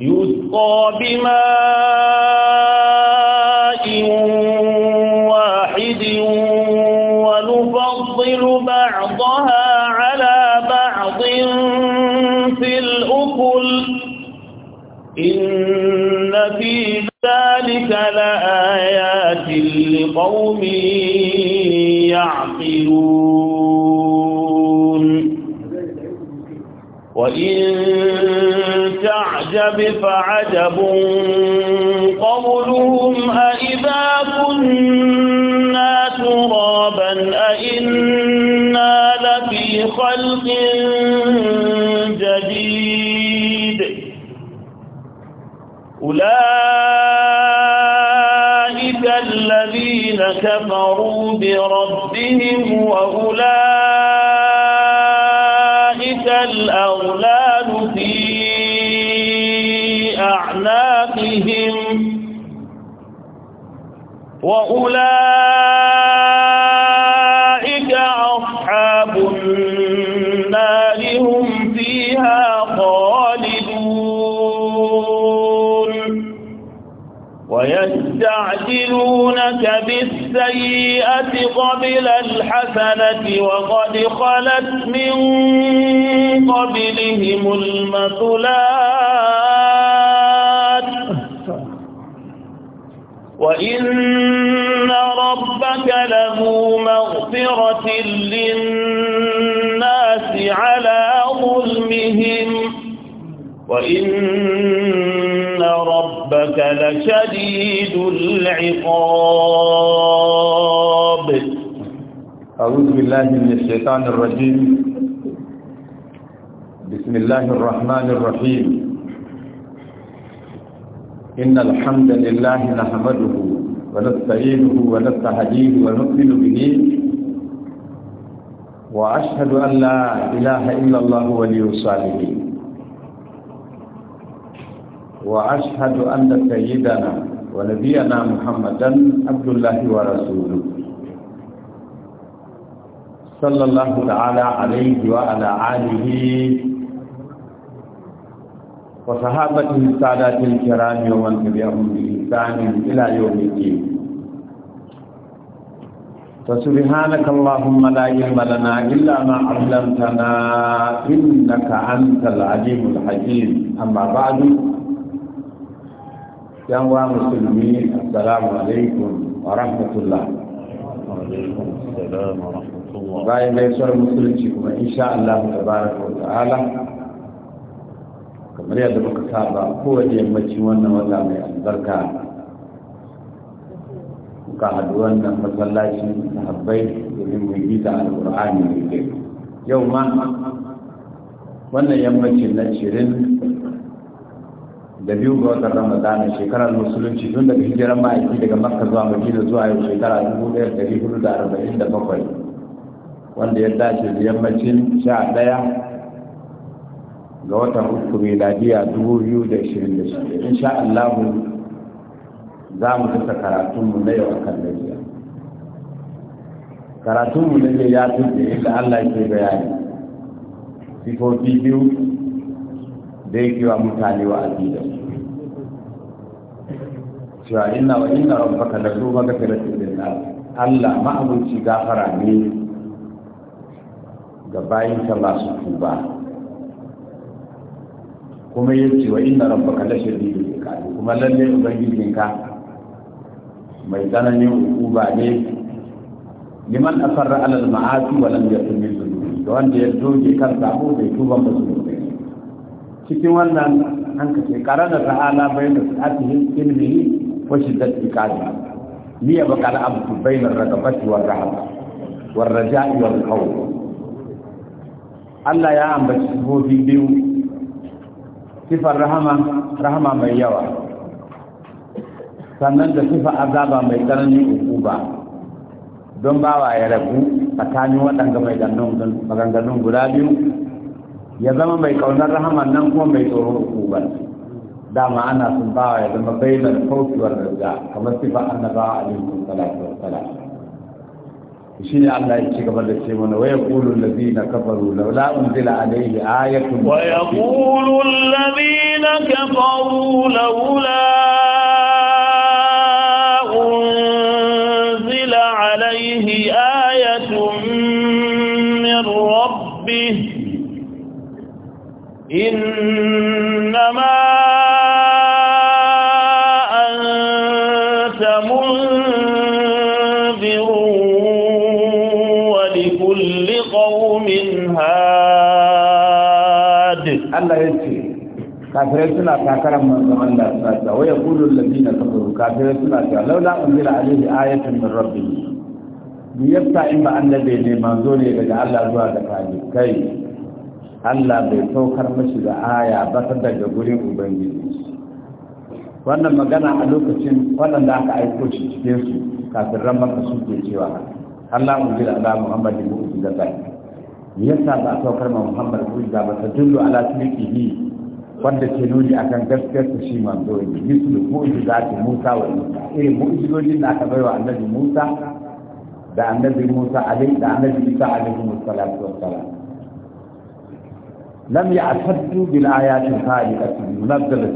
يسقى بماء فعجب قولهم أئذا كنا ترابا أئنا لفي خلق جديد أولئك الذين كفروا السيئة قبل الحسنة وقد خلت من قبلهم المثلات وإن ربك له مغفرة للناس على ظلمهم وإن ربك لشديد العقاب أعوذ بالله من الشيطان الرجيم بسم الله الرحمن الرحيم إن الحمد لله نحمده ونستعينه ونستهديه ونؤمن به وأشهد أن لا إله إلا الله ولي الصالحين وأشهد أن سيدنا ونبينا محمدا عبد الله ورسوله صلى الله تعالى عليه وعلى آله وصحابته السادات الكرام ومن تبعهم بإحسان إلى يوم الدين فسبحانك اللهم لا علم لنا إلا ما علمتنا إنك أنت العليم الحكيم أما بعد yan wa musulmi assalamu alaikum wa rahmatullah bayan gaisuwar musulunci kuma insha Allah da wa ta'ala kamar yadda muka saba kowace yammacin wannan wata mai albarka muka haɗu wannan masallaci sahabbai domin mu yi ta alƙur'ani mai yau ma wannan yammacin na shirin da biyu ga watan ramadana shekarar musulunci tun daga hijirar ma'aiki daga makka zuwa madina zuwa yau shekara dubu ɗaya da hudu da arba'in da bakwai wanda ya dace da yammacin sha ɗaya ga watan uku miladiya dubu biyu da ashirin da shida in sha allahu za mu dasa karatunmu na yau akan lafiya karatunmu na yau ya fi inda Allah ke bayani sifofi biyu da yake wa mutane wa da su cewa ina wa inna rabbaka ga zu da na Allah ma'abuci gafara ne ga bayinka masu tuba kuma yace wa inna rabbaka la shadidul iqab kuma lalle ubangijinka mai tsananin hukuma ne liman asarra alal ma'afi wa lam yakun min Da wanda ya doge kan sabo bai tuba ba su cikin wannan hankali ka ce ƙarar da ta'ala bai da sa'atihin ilmi wa shiddat iqali liya baqal abu bai ar-ragabati wa rahab wa raja'i wa khawf Allah ya ambaci sifofi biyu sifar rahama rahama mai yawa sannan da sifar azaba mai tsananin ukuba don bawa ya rabu tsakanin waɗanda mai maganganun guda biyu ya zama mai kaunar rahama nan kuma mai tsoron hukubar dama ana sun bawa ya zama da kautuwar riga kamar sifa annaba alaihi salatu salatu shi ne Allah ya ci gaba da ce mana waya kulu allazina kafaru laula unzila alaihi ayatun wa yaqulu allazina kafaru laula إنما أنت منذر ولكل قوم هاد الله يجزي كافرتنا تاكرا من زمان الله ويقول الذين كفروا كافرتنا تاكرا لولا أنزل عليه آية من ربه ليبتعم أن الذين منزولي لجعل الله زوال كاي كيف Allah bai saukar mashi da aya ba ta daga gurin Ubangiji. Wannan magana a lokacin waɗanda aka aiko shi cikin su kafin ramaka suke cewa Allah mu jira Allah Muhammad mu da zai. Yasa ba saukar ma Muhammad ku da ba ta dullu ala tilkihi wanda ke nuni akan gaskiyar su shi manzo ne za ta Musa wa Isa irin mu'jizojin da aka wa Annabi Musa da Annabi Musa alaihi da Annabi Isa alaihi wassalatu wassalam. lam ya'taddu bil ayatin khaliqatin munazzalat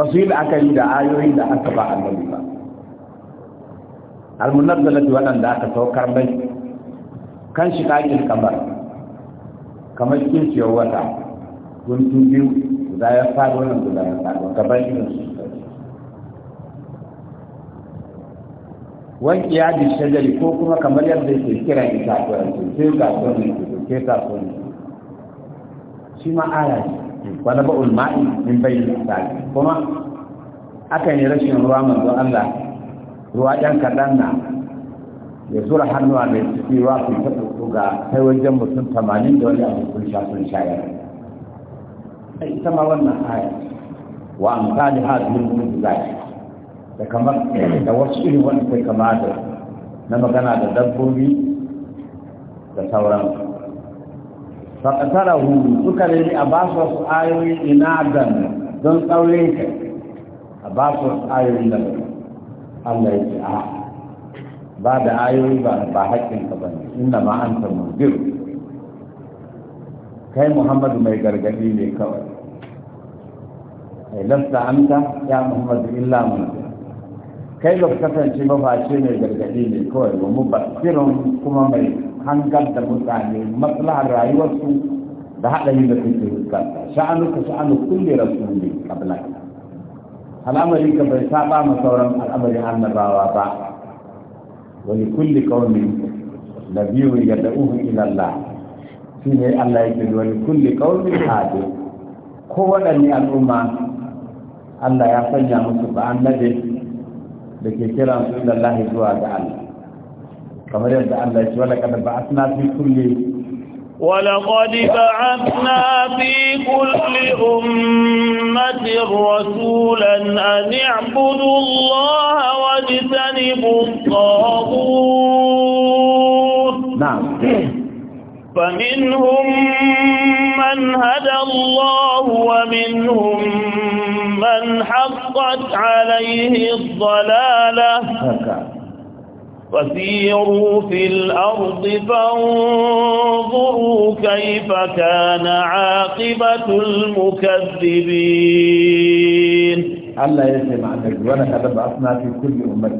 basir akali da ayoyi da aka ba annabi ba al munazzalat wadanda aka saukar mai kan shi kakin kamar kamar kinciyar wata guntu biyu guda ya wannan irinsu wani ya bi shajari ko kuma kamar yadda ke kira ita ko sai ka so ne ke ka so ne shi ma aya ne wani ba ulma'i min bayyin misali kuma aka yi rashin ruwa manzo Allah ruwa ɗan kaɗan na ya zura hannuwa mai ciki ruwa sun ta tsotso ga kai wajen mutum tamanin da wani abu sun sha sun shayar ita ma wannan aya wa amsali ha zuwa zuwa da kamar da wasu irin wani kai kama da na magana da dabbobi da sauran faƙasara hudu suka nemi a ba su wasu ayoyi ina dan don tsaure ka a ba su wasu ayoyi da Allah ya ce a ba da ayoyi ba ba haƙƙin ka ba ne inda ma an ta murgir kai muhammadu mai gargadi ne kawai ai lasta anta ya muhammadu illa mun kai ba kasance mafashe face mai gargaɗi ne kawai ba mu basirin kuma mai hangar da mutane matsalar rayuwarsu da haɗari da suke fuskanta ka sha'anu kulle rasuli kabla al'amari ka bai saba ma sauran al'amarin annabawa ba wani kulli kaumin na biyu ya uhu ilalla shi ne allah yake wani kulli kaumin hadu ko waɗanne al'umma allah ya sanya musu ba annabi da ke kira su inda Allah zuwa ga Allah kamar yadda Allah ya ce wala kad ba'athna fi kulli wala qad ba'athna fi kulli ummati rasulan an i'budu Allah wa tajtanibu at-taghut na'am فمنهم من هدى الله ومنهم من حقت عليه الضلالة فسيروا في الأرض فانظروا كيف كان عاقبة المكذبين الله يسمع عنك وانا قد بعثنا في كل أمة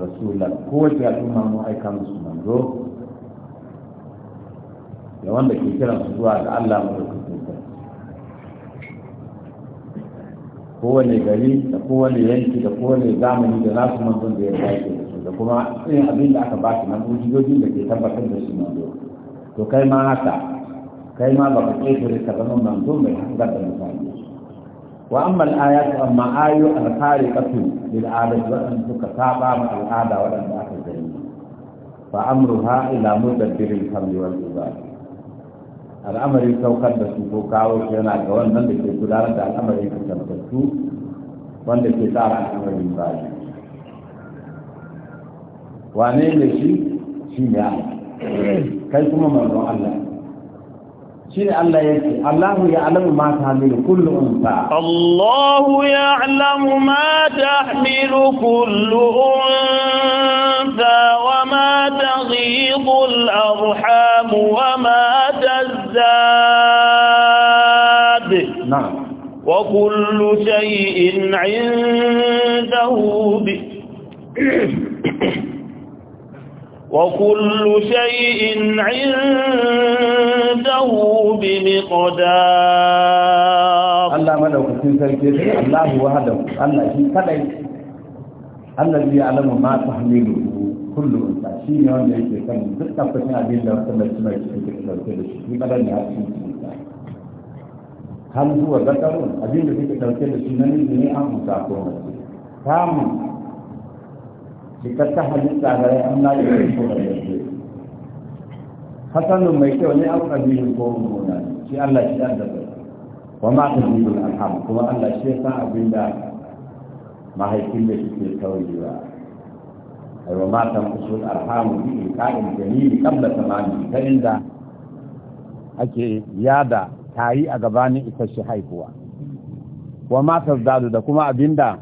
رسولا قوة الأمة وأيكم سبحانه da wanda ke kiran su zuwa ga Allah madaukakin ko kowane gari da kowane yanki da kowane zamani da nasu manzon da ya dace da kuma irin abin da aka ba su na mujizojin da ke tabbatar da shi manzo to kai ma haka kai ma ba ka ƙetare ka zama manzo mai hasar da mutane wa amma al'ayatu amma ayu al-khariqatu lil adati wa an suka saba ma al'ada wadanda aka gani fa amruha ila mudabbirin kamli wal ibad al'amarin saukar da su ko kawo shi yana ga wannan da ke gudanar da al'amarin kasantattu wanda ke tsara al'amarin bayi wane ne shi shi ne kai kuma manzon Allah shi ne Allah ya ce Allahu ya alamu ma ta hamilu kullu unsa Allahu ya alamu ma ta hamilu kullu unsa wa ma ta ghidu al-arham wa الزاد نعم وكل شيء عنده ب... وكل شيء عنده بمقدار الله في سركي الله وحده الله شيء الذي يعلم ما تحمله Kullum ta shi ne wanda yake kan duk tabbacin abin da wasu mace mai cikin ke ɗauke da shi shi kadar ne har cikin ta hal zuwa zakarun abin da suke ɗauke da shi na namiji ne an unsa ko mace kamun cikakka halitta da ya amma ya yi ko da yake hasanun mai kyau ne an ƙabilin ko mummuna shi Allah shi ɗan da wa ma ta zubul alham kuma Allah shi ya san abin da mahaifin da suke kauyewa وما تنقص الأرحام في إيقاع الجنين قبل ta inda ake yada tayi a gabanin isasshe haihuwa wa matar dadu da kuma abinda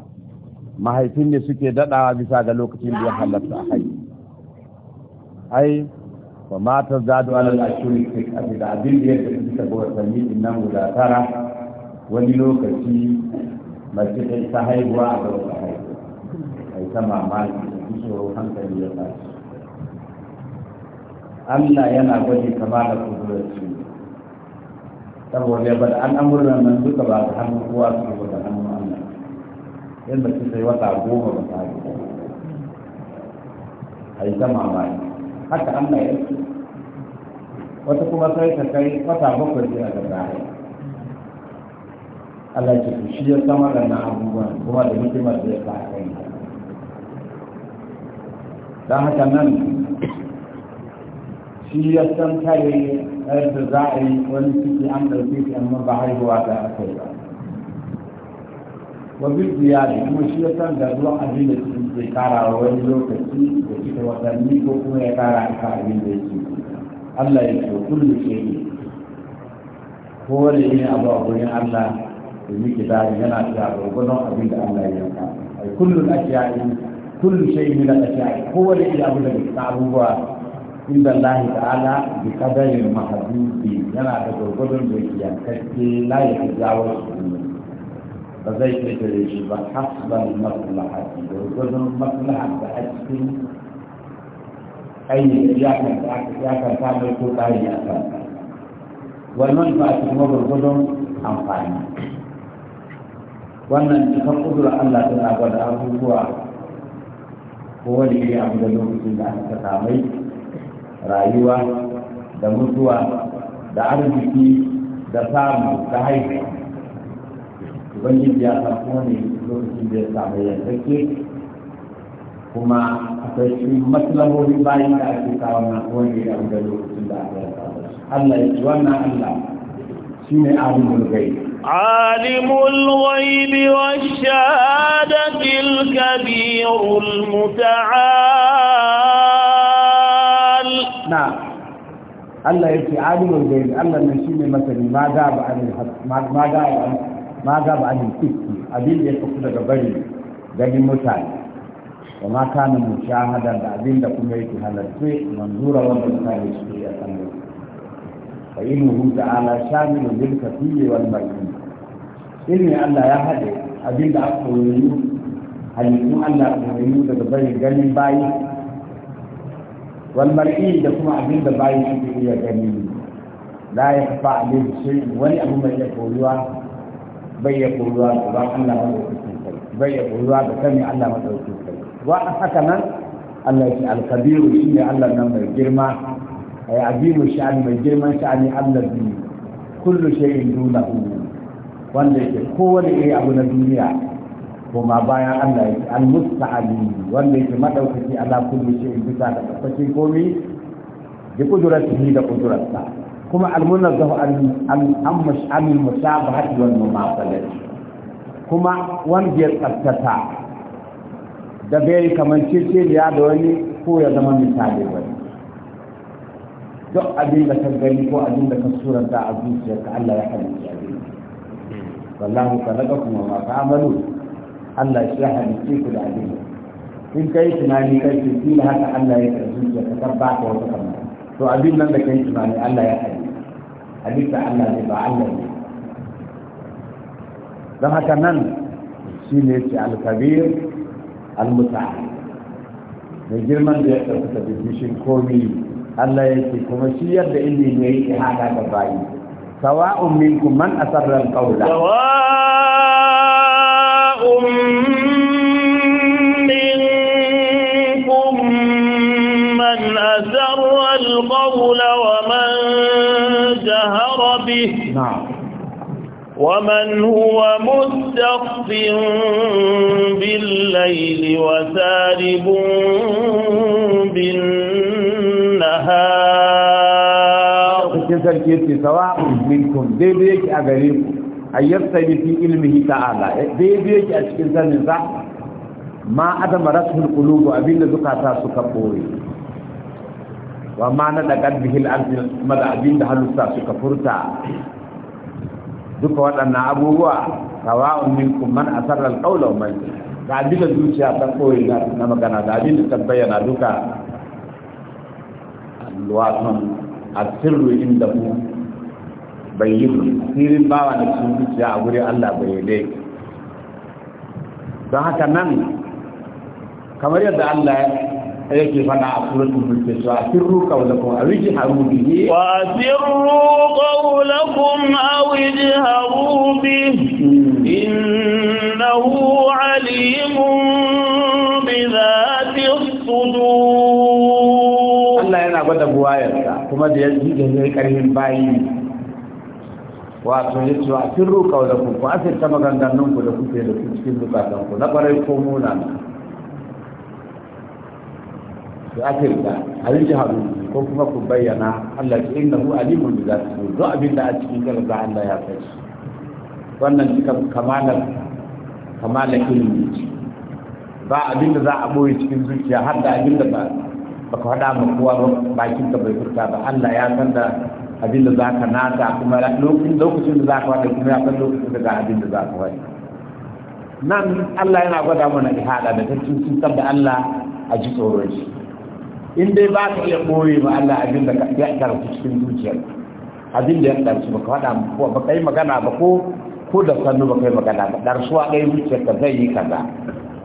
mahaifin ne suke dadawa bisa ga lokacin da ya halatta ai wa matar dadu alal ashuri fi abin abin da yake bisa ga watanni innan guda tara wani lokaci mace ta haihuwa a ga wata haihuwa ai ta mamaki tsoro hankali ya tashi Allah yana gwaji kama da kudurarsu saboda ya bada nan duka ba da hannun kowa su ba da hannun Allah yadda su sai wata goma ba ta yi a yi ta mamaki haka Allah ya ce wata kuma sai ta kai wata bakwai sai a ga zahiri Allah ya ce shi ya samar da na abubuwan kuma da hikimar da ya sa a kai don haka nan shi ya san kare yadda za a yi wani ciki an ɗauke shi amma ba haihuwa ta aka yi ba wabin ziyari kuma shi ya san da zuwa abin da ciki zai kara wa wani lokaci da cika watanni ko kuma ya kara aka abin da yake Allah ya ce kullu shi ko wani ne abu a gurin Allah da muke dare yana cewa gurgurdan abin da Allah ya yanka ai kullun ashiya'i كل شيء من الأشياء هو الذي لابد من عند الله تعالى بقدر المحدود ينا تقولون بكيان كتي لا يتجاوز فزي تدريش بحسب المصلحة وقدر المصلحة بحسب أي إياك إياك تعمل كل أي أثر والمنفعة تمر القدم أنفعني وأن تفقد الله تعالى abubuwa kowane iri abu da lokacin da aka samai rayuwa da mutuwa da arziki da samu da haihuwa ubangiji ya san kowane lokacin da ya samu yanzake kuma akwai shi maslahohin bayan da ake kawo na kowane iri abu da lokacin da aka samu Allah ya ci wannan Allah shi ne abin mulgai عالم الغيب والشهادة الكبير المتعال نعم الله يأتي عالم الغيب الله نشيل مثلا ما غاب عن ما ما غاب عن ما غاب عن الفتي أبين يكفر لك بري دني متعال وما كان مشاهدا بعدين لكم يأتي هذا الشيء منظورا ومنظورا ومنظورا ومنظورا ومنظورا ومنظورا ومنظورا ومنظورا ومنظورا ومنظورا ilmin Allah ya haɗe abinda aka koyi halittun Allah koyi daga bari ganin bayi walmar'i da kuma abinda bayi suke iya gani la ya kafa abin shi wani abu mai ya koyuwa bai ya koyuwa da ba Allah ma madaukakin kai bai ya koyuwa da sani Allah ma madaukakin kai wa a haka nan Allah ya ce alkabiru shi ne Allah nan mai girma ay azimu sha'ani mai girman sha'ani Allah bi kullu shay'in dunahu wanda yake kowane iri abu na duniya koma bayan Allah yake al-musta'ali wanda yake madaukaki ala kulli shay'in bisa da tsakin komai bi qudratihi da qudratsa kuma al-munazzahu an an mushabahati wal mumathalati kuma wanda ya tsaftata da bai kaman cece ya da wani ko ya zama misali wani duk abin da ka gani ko abin da ka suranta a zuciyarka Allah ya halitta abin wallahu khalaqakum wa ma ta'malun Allah shi ya halice ku da abin in kai tunani kai ce kila haka Allah ya karbi ya ka tabba ka wata kamar to abin nan da kai tunani Allah ya halice halitta Allah ne ba Allah ne don haka nan shi ne ce alkabir mai girman da ya ɗauka da bishin komi Allah ya ce kuma shi yadda ilimi ya yi haka da bayi سواء منكم من أسر القول سواء منكم من أسر القول ومن جهر به نعم ومن هو مستخف بالليل وسارب بالنهار سواء minkum daidai yake a gare ku a ayyastani fi ilmihi ta'ala eh, daidai yake a cikin sanin sa ma adama rasul qulubu abinda zukata suka kore wa ma na da qalbihi al-azmi kuma da abinda halusta suka furta duka waɗannan abubuwa sawa'un minkum man asarra al-qawla wa man da abinda zuciya ta bore na magana da abinda ta bayyana duka alwasan asirru inda mu bai yi sirin bawa da cikin zuciya a guri Allah bai yi don haka nan kamar yadda Allah ya yake fana a suratul mulk cewa sirru wiji haru bi bihi wa sirru qawlakum aw ijharu bihi hmm. innahu alimun bi dhati sudu Allah yana gwada buwayarsa kuma da yanzu da yayi karhin bayi wato ya ce a kin ruka da ku ku ta magandannin ku da kuke da ku cikin bukatan ku na ƙwarai ko muna ku asir a yi jiharu ko kuma ku bayyana Allah ki inna hu alimun bi zati su duk abin da a cikin garza Allah ya sai wannan cikin kamalar kamalar ilimi ba abin da za a boye cikin zuciya har da abin da ba ba ka faɗa ma kowa ba bakin ka bai furta ba Allah ya san da abinda za ka nata kuma lokacin da za ka wata kuma ya san lokacin da ga abinda za ka wata nan Allah yana gwada mana ihada da ta cutar da Allah a ji tsoron shi in dai ba ka iya ɓoye ma Allah abin da ya ƙarfi cikin zuciyar abin da ya ƙarfi ba ka faɗa ba ka yi magana ba ko ko da sannu ba ka yi magana ba ɗarsuwa ɗaya zuciyar ka zai yi kaza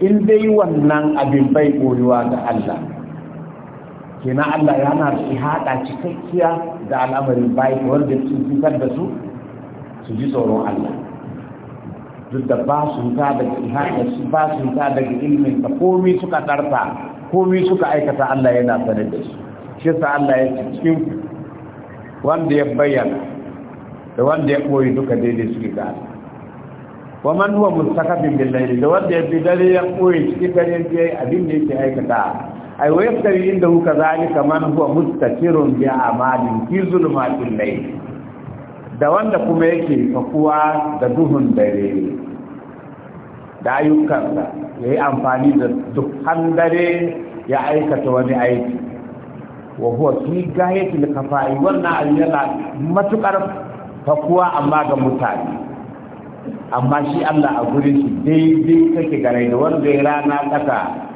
in dai wannan abin bai ɓoyewa ga Allah kenan Allah yana haɗa cikakkiya da al'amarin bayi wanda su fitar da su su ji tsoron Allah duk da ba su ta daga ihaɗa su ba su ta daga ilimin ta komi suka ɗarta komi suka aikata Allah yana sanar da su shi sa Allah ya cikin wanda ya bayyana da wanda ya koyi duka daidai suke ga Allah wa man huwa mustaqbil bil layli da wanda ya bi dare ya koyi cikin dare yayi abin da yake aikata ai wa yaftari inda huka zalika man huwa mustakirun bi amalin fi zulmatil layl da wanda kuma yake fakuwa da duhun dare da ayyukansa ya yi amfani da duk handare ya aikata wani aiki wa huwa fi gayatil kafa'i wannan abu yana matukar fakuwa amma ga mutane amma shi Allah a gurin shi daidai kake gare da wanda ya rana tsaka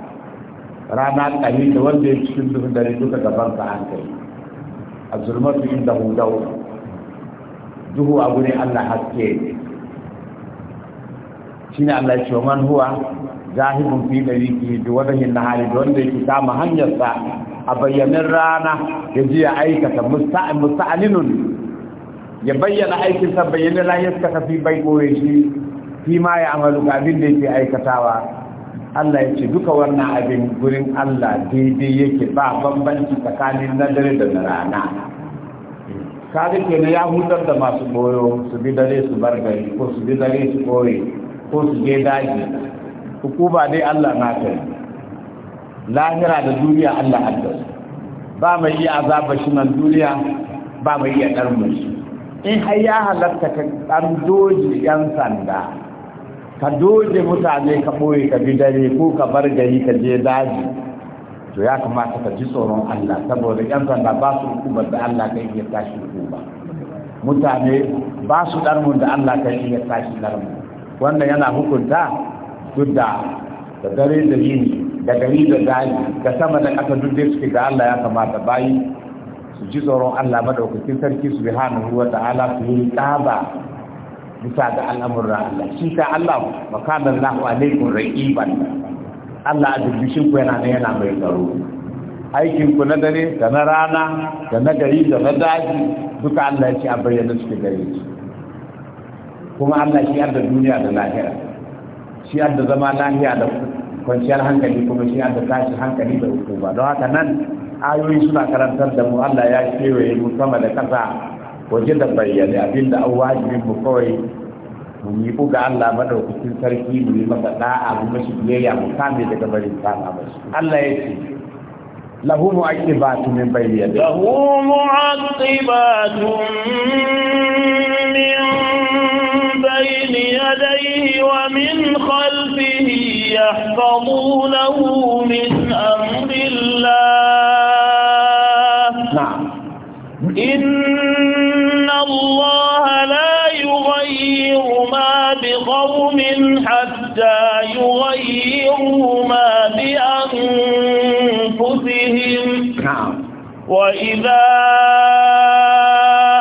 rana ƙari da wanda ya cikin duhun dare duka gaban ka an kai a zulmatu inda hudau duhu a gurin Allah haske shi ne Allah ce man huwa zahibun fi dariki bi na nahari da wanda yake kama hanyarsa a bayyanin rana ya ji ya aikata musta'alinun ya bayyana aikinsa bayyanin rana ya suka fi bai koye shi fi ma ya amalu ga abin da yake aikatawa Allah ya ce duka wannan abin gurin Allah daidai yake ba bambanci tsakanin na dare da na rana ke na ya hutar da masu boyo su bi dare su bar gari ko su bi dare su koye ko su je daji hukuma dai Allah na kai lahira da duniya Allah haddasa ba mai yi azaba shi nan duniya ba mai yi ɗarmu shi in har ya halatta ka ɗan doji 'yan sanda ka doje mutane ka ɓoye ka bi dare ko ka bar gari ka je daji to ya kamata ka ji tsoron Allah saboda ƴan sanda ba su hukumar da Allah ka iya tashi hukuma mutane ba su darmun da Allah ka iya tashi ɗarmu. wannan yana hukunta duk da da dare da yini da gari da daji da sama da ƙasa duk da suke ga Allah ya kamata bayi su ji tsoron Allah madaukakin sarki subhanahu wa ta'ala su yi tsaba bisa ga al'amurra Allah shi ta Allah wa kana Allahu alaikum raqiban Allah a bishin ku yana yana mai tsaro aikin ku na dare da na rana da na gari da na daji duka Allah ya ce a bayyana suke gare ki kuma Allah shi da duniya da lahira shi da zama lahiya da kwanciyar hankali kuma shi da tashi hankali da hukuma don haka nan ayoyi suna karantar da mu Allah ya kewaye mu sama da kasa waje da bayyane abinda an wajibi mu kawai mu yi buga Allah madaukakin sarki mu yi masa da'a mu mashi biyayya mu kame daga barin sana mashi Allah ya ce lahu mu'aqibatu min bayni yadihi lahu mu'aqibatu min bayni yadayhi wa min khalfihi yahfazunahu min amrillah حتى يغيروا ما بأنفسهم نعم وإذا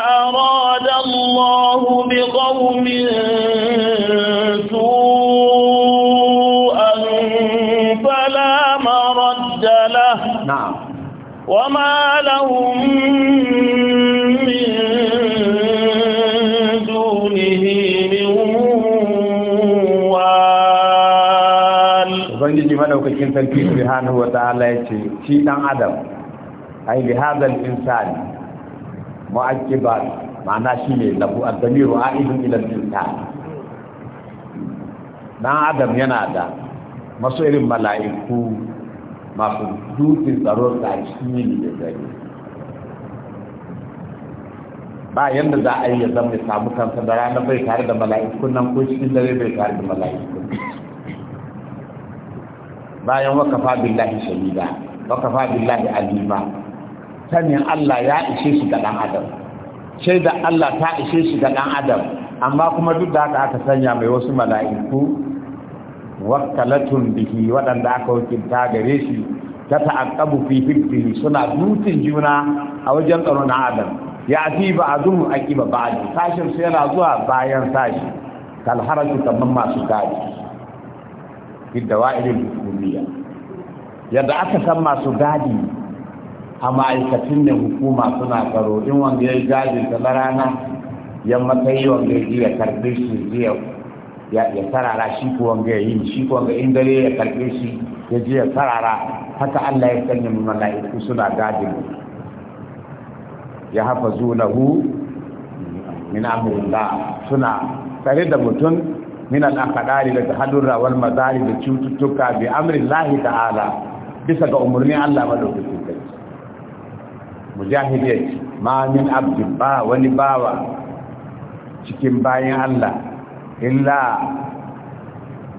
أراد الله بقوم سوءا فلا مرد له نعم وما لهم madaukakin sarki subhanahu wa ta'ala ya ce shi dan adam ai bi hadal insan mu'aqibat ma'ana shi ne lahu ad-damiru a'idun ila al-insan dan adam yana da masu irin mala'iku masu dutsen tsaro da shi da gari ba yanda za a yi ya zama ya samu kansa da rana bai tare da mala'ikun nan ko cikin dare bai tare da mala'iku bayan wakafa billahi shahida wakafa billahi alima sanin Allah ya ishe shi ga dan adam da Allah ta ishe shi ga dan adam amma kuma duk da haka aka sanya mai wasu mala'iku wakkalatun bihi waɗanda aka wakilta gare shi ta ta'aqqabu fi hibbihi suna dutin juna a wajen tsaron adam ya fi ba akiba aqiba ba'd sashin sai yana zuwa bayan sashi kal haraju kamar masu kaji fi dawa'il duniya yadda aka san masu gadi a ma'aikacin da hukuma suna tsaro in wanda ya yi gadin ta rana ya matsayi wanda ya iya karɓe shi jiya ya sarara shi ko wanda ya yi shi ko wanda in dare ya karɓe shi ya je ya sarara haka Allah ya sanya mu mala'iku suna gadin ya hafa hu min da suna tare da mutum min al-aqdari da hadurra wal mazari da cututtuka bi amri ta'ala bisa ga umurnin Allah madaukakin kai mujahid yace ma min abdi wani bawa cikin bayan Allah illa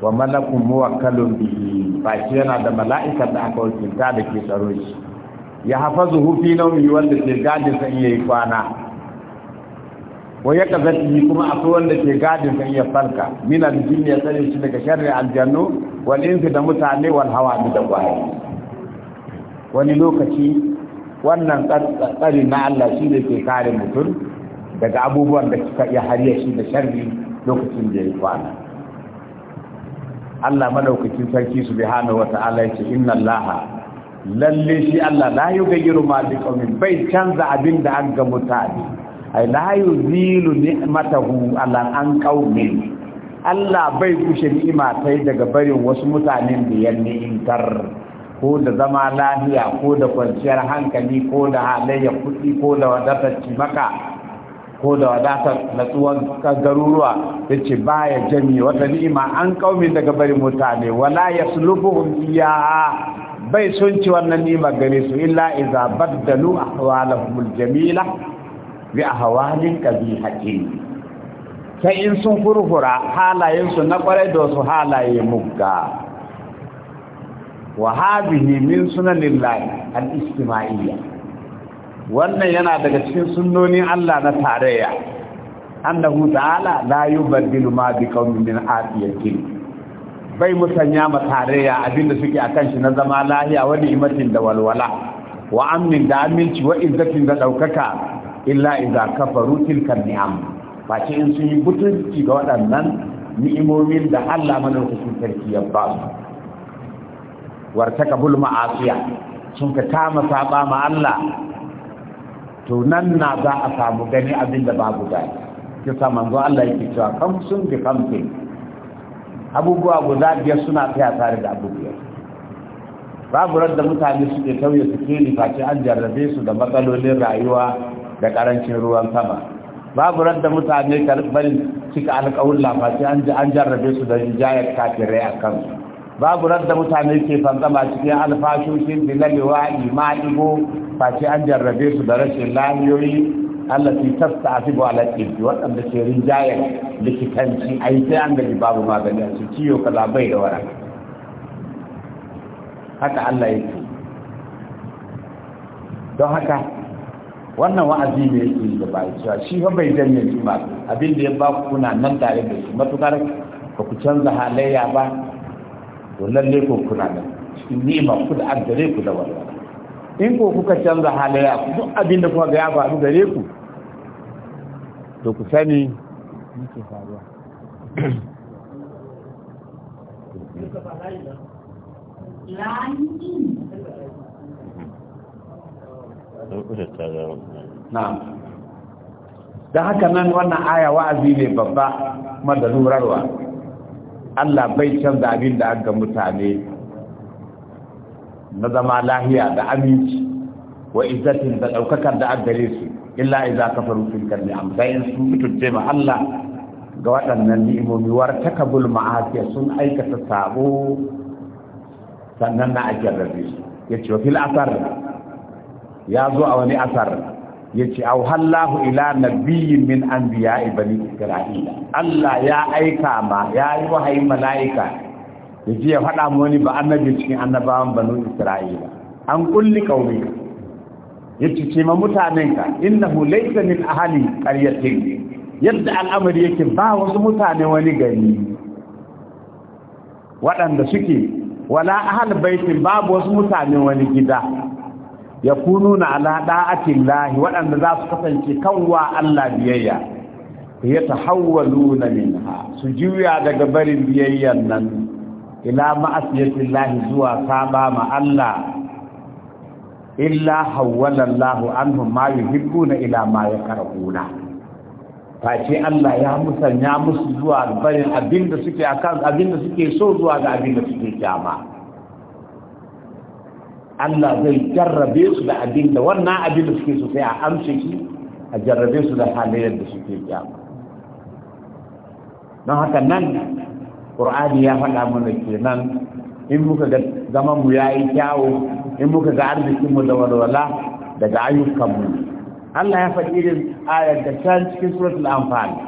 wa malakun muwakkalun bihi ba yana da mala'ikan da aka wakilta da ke tsaro shi ya hafazu hufi nauyi wanda ke gadin sa iya yi kwana wa ya kazati kuma akwai da ke gadin kan ya falka min jini ya tsare shi daga shari aljannu wal insi da mutane wal hawa da kwaye wani lokaci wannan tsari na Allah shi ne ke kare mutum daga abubuwan da suka iya hariya shi da sharri lokacin da ya yi kwana Allah madaukakin sarki subhanahu wata'ala yace inna Allah lalle shi Allah la yughayyiru ma biqawmin bai canza abin da an ga mutane ai la yuzilu ni'matahu ala an qaumin Allah bai kushe ni'ima tai daga barin wasu mutanen da ya ni'intar ko da zama lafiya ko da kwanciyar hankali ko da halayya kuɗi ko da wadatar cimaka ko da wadatar natsuwan garuruwa da ce ba ya jami wata ni'ima an kaumin daga bari mutane wala ya sulubuhun iya bai sun ci wannan ni'ima gare su illa iza baddalu ahwalahumul jamila bi ahwalin qabihatin sai in sun furfura halayensu na kwarai da wasu halaye mugga wa haɗihi min sunanillahi al al’istima’iyya wannan yana daga cikin sunnonin Allah na tarayya annahu ta'ala la yubaddilu ma bi qaumin min afiyatin bai musanya ma tarayya abinda suke kan shi na zama lahiya wani imatin da walwala wa amnin da aminci wa'in zafin da ɗaukaka. illa idza kafaru tilkan ni'am ba ce in sun yi butunci ga waɗannan ni'imomin da Allah madaukakin sarki ya ba su wartaka bul ma'asiya sun ka kama saba ma Allah to nan na za a samu gani abin da babu da ki sa manzo Allah yake cewa sun bi kamsin abubuwa guda biyar suna tsaya tare da abubuwa babu da mutane suke tauye su ke an jarrabe su da matsalolin rayuwa da karancin ruwan sama babu radda mutane karɓar cika alƙawulla ba an jarrabe su da jayar kafirai a kansu babu radda mutane ke fantsama cikin alfashoshin dilalewa imanigo ba sai an jarrabe su da rashin lahiyoyi Allah fi tasta asibu ala waɗanda ke rinjayar likitanci a yi sai an gaji babu magani a su ka kaza bai da wara. haka Allah yake don haka wannan wa'azi ne yake yi da bayan cewa shi fa bai janye shi ba abin da ya ba ku kuna nan tare da shi matukar ba ku canza halayya ba to lalle ko kuna nan cikin ni'ima ku da addare ku da walwala in ko kuka canza halayya duk abin da kuka ga ya faru gare ku to ku sani yake faruwa Lying na'am da haka nan wannan aya wa'azi ne babba kuma da lurarwa Allah bai canza abin da aka mutane na zama lahiya da aminci wa izzatin da daukakar da addare su illa idza kafaru fil kalbi am bayan sun mutunce ma Allah ga waɗannan ni'imomi war takabul ma'asi sun aikata sabo sannan na ake yace wa fil asar ya zo a wani asar ya ce au hallahu ila nabiyyin min anbiya bani isra'ila Allah ya aika ma ya yi wahayi mala'ika ya ji ya faɗa mu wani ba annabi cikin annabawan banu isra'ila an kulli kauri ya ce ce ma mutanenka innahu laysa min ahli qaryatin yadda al'amari yake ba wasu mutane wani gari waɗanda suke wala ahal baitin babu wasu mutane wani gida ya kununa ala da'atin lahi waɗanda za su kasance kanwa Allah biyayya ya tahawwaluna minha su juya daga barin biyayyan nan ila ma'asiyatin lahi zuwa saba ma Allah illa hawwala Allah anhum ma yuhibbuna ila ma yakrahuna face Allah ya musanya musu zuwa barin abinda suke akan abinda suke so zuwa ga abinda suke kyama Allah zai jarrabe su da abin da wannan abin da suke su sai a amshe shi a jarrabe su da halayen da suke kyama don haka nan ƙur'ani ya faɗa mana kenan in muka ga zaman mu ya yi kyawo in muka ga arzikinmu da walwala daga ayyukanmu Allah ya faɗi irin ayar da can cikin suratul anfal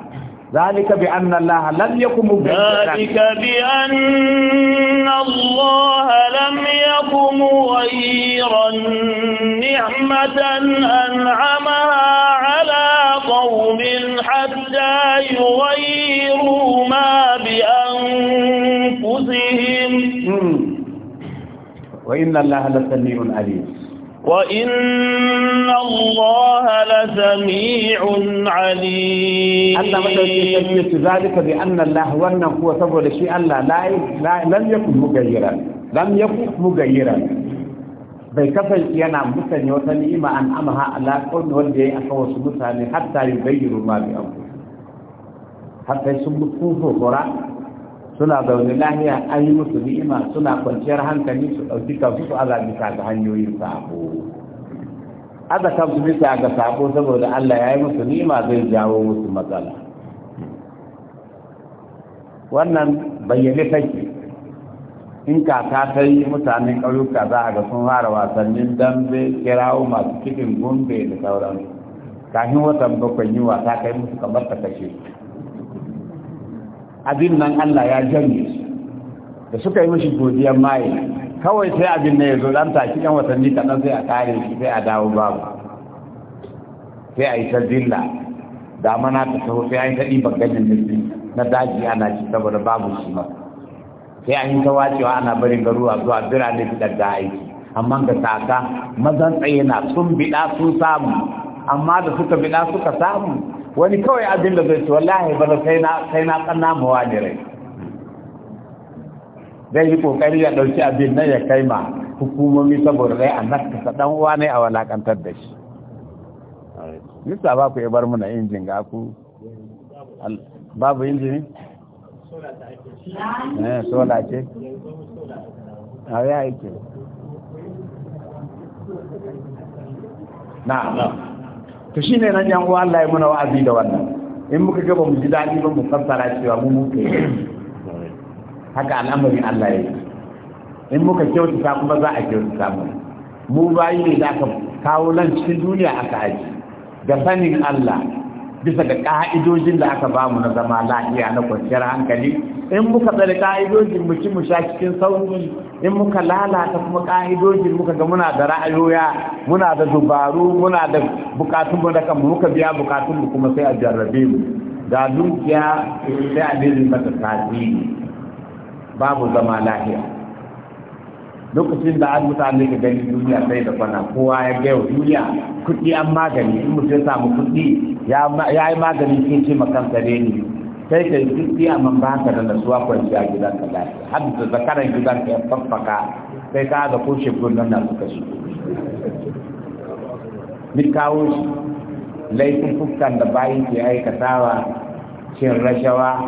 ذلك بأن الله لم يكن ذلك بأن الله لم يكن غير نعمة أنعمها على قوم حتى يغيروا ما بأنفسهم وإن الله لسميع عليم وإن الله لسميع عليم الله مدوكي ذلك بأن الله وأنه هو سبب شيء الله لا, لم يكن مغيرا لم يكن مغيرا bai kasance yana musanya wata ni'ima an amaha ala kawai wanda ya yi aka wasu mutane hatta yi bayyano ma bi abu hatta sun mutu hora suna zaune lahiya an yi musu ni'ima suna kwanciyar hankali su ɗauki kansu su aza bisa ga hanyoyin sabo aza kansu bisa ga sabo saboda Allah ya yi musu ni'ima zai jawo musu matsala wannan bayyane take in kaka ta yi mutanen ƙauyuka za a ga sun fara wasannin dambe kirawo masu cikin gombe da sauransu kafin watan bakwai yi wasa kai musu kamar ta kashe abin nan Allah ya janye su da suka yi mashi godiyar maye kawai sai abin na ya zo don taki ɗan watanni kaɗan sai a kare shi sai a dawo babu sai a yi ta zilla mana ta taho sai a yi ta ɗiban ganin nufi na daji ana ci saboda babu shi ma sai a yi ta wacewa ana barin garuwa zuwa birane fitar da aiki amma ga saka mazan tsaye na sun biɗa sun samu amma da suka biɗa suka samu wani kawai abin da zai ce wallahi ba da sai na sai na mu mawa ne rai zai yi kokari ya dauki abin nan ya kai ma hukumomi saboda rai an naka dan uwa ne a walakantar da shi Yusa ba ku ya bar muna injin ga ku babu injini? Eh, sola ce? A ya yake. Na, na. to ne nan yan uwa Allah ya muna wa'azi da wannan in muka gaba mu ji daɗi ba mu fassara cewa mu muke haka al'amari Allah ya yi in muka kyautata kuma za a kyautata mu mu bayi ne da aka kawo nan cikin duniya aka aji da sanin Allah bisa ga ka'idojin da aka bamu na zama lafiya na kwanciyar hankali in muka tsare ka'idojin mu ci mu sha cikin sauki in muka lalata kuma ka'idojin muka ga muna da ra'ayoya muna da dubaru muna da bukatun mu da kan muka biya bukatun mu kuma sai a jarrabe mu da dukiya sai a dinin mata tasiri babu zama lafiya lokacin da an mutane ga gani duniya sai da kwana kowa ya gaya duniya kuɗi an magani in mutum ya samu kuɗi ya yi magani sai ce makanta ne ne sai ka yi kuɗi a man baka da nasuwa kwanciya gidan ka lafiya har da zakaran gidan ka ya faffaka sai ka ga kushe gurnan na suka shi ni kawo shi laifin fuskan da bayan ke aikatawa cin rashawa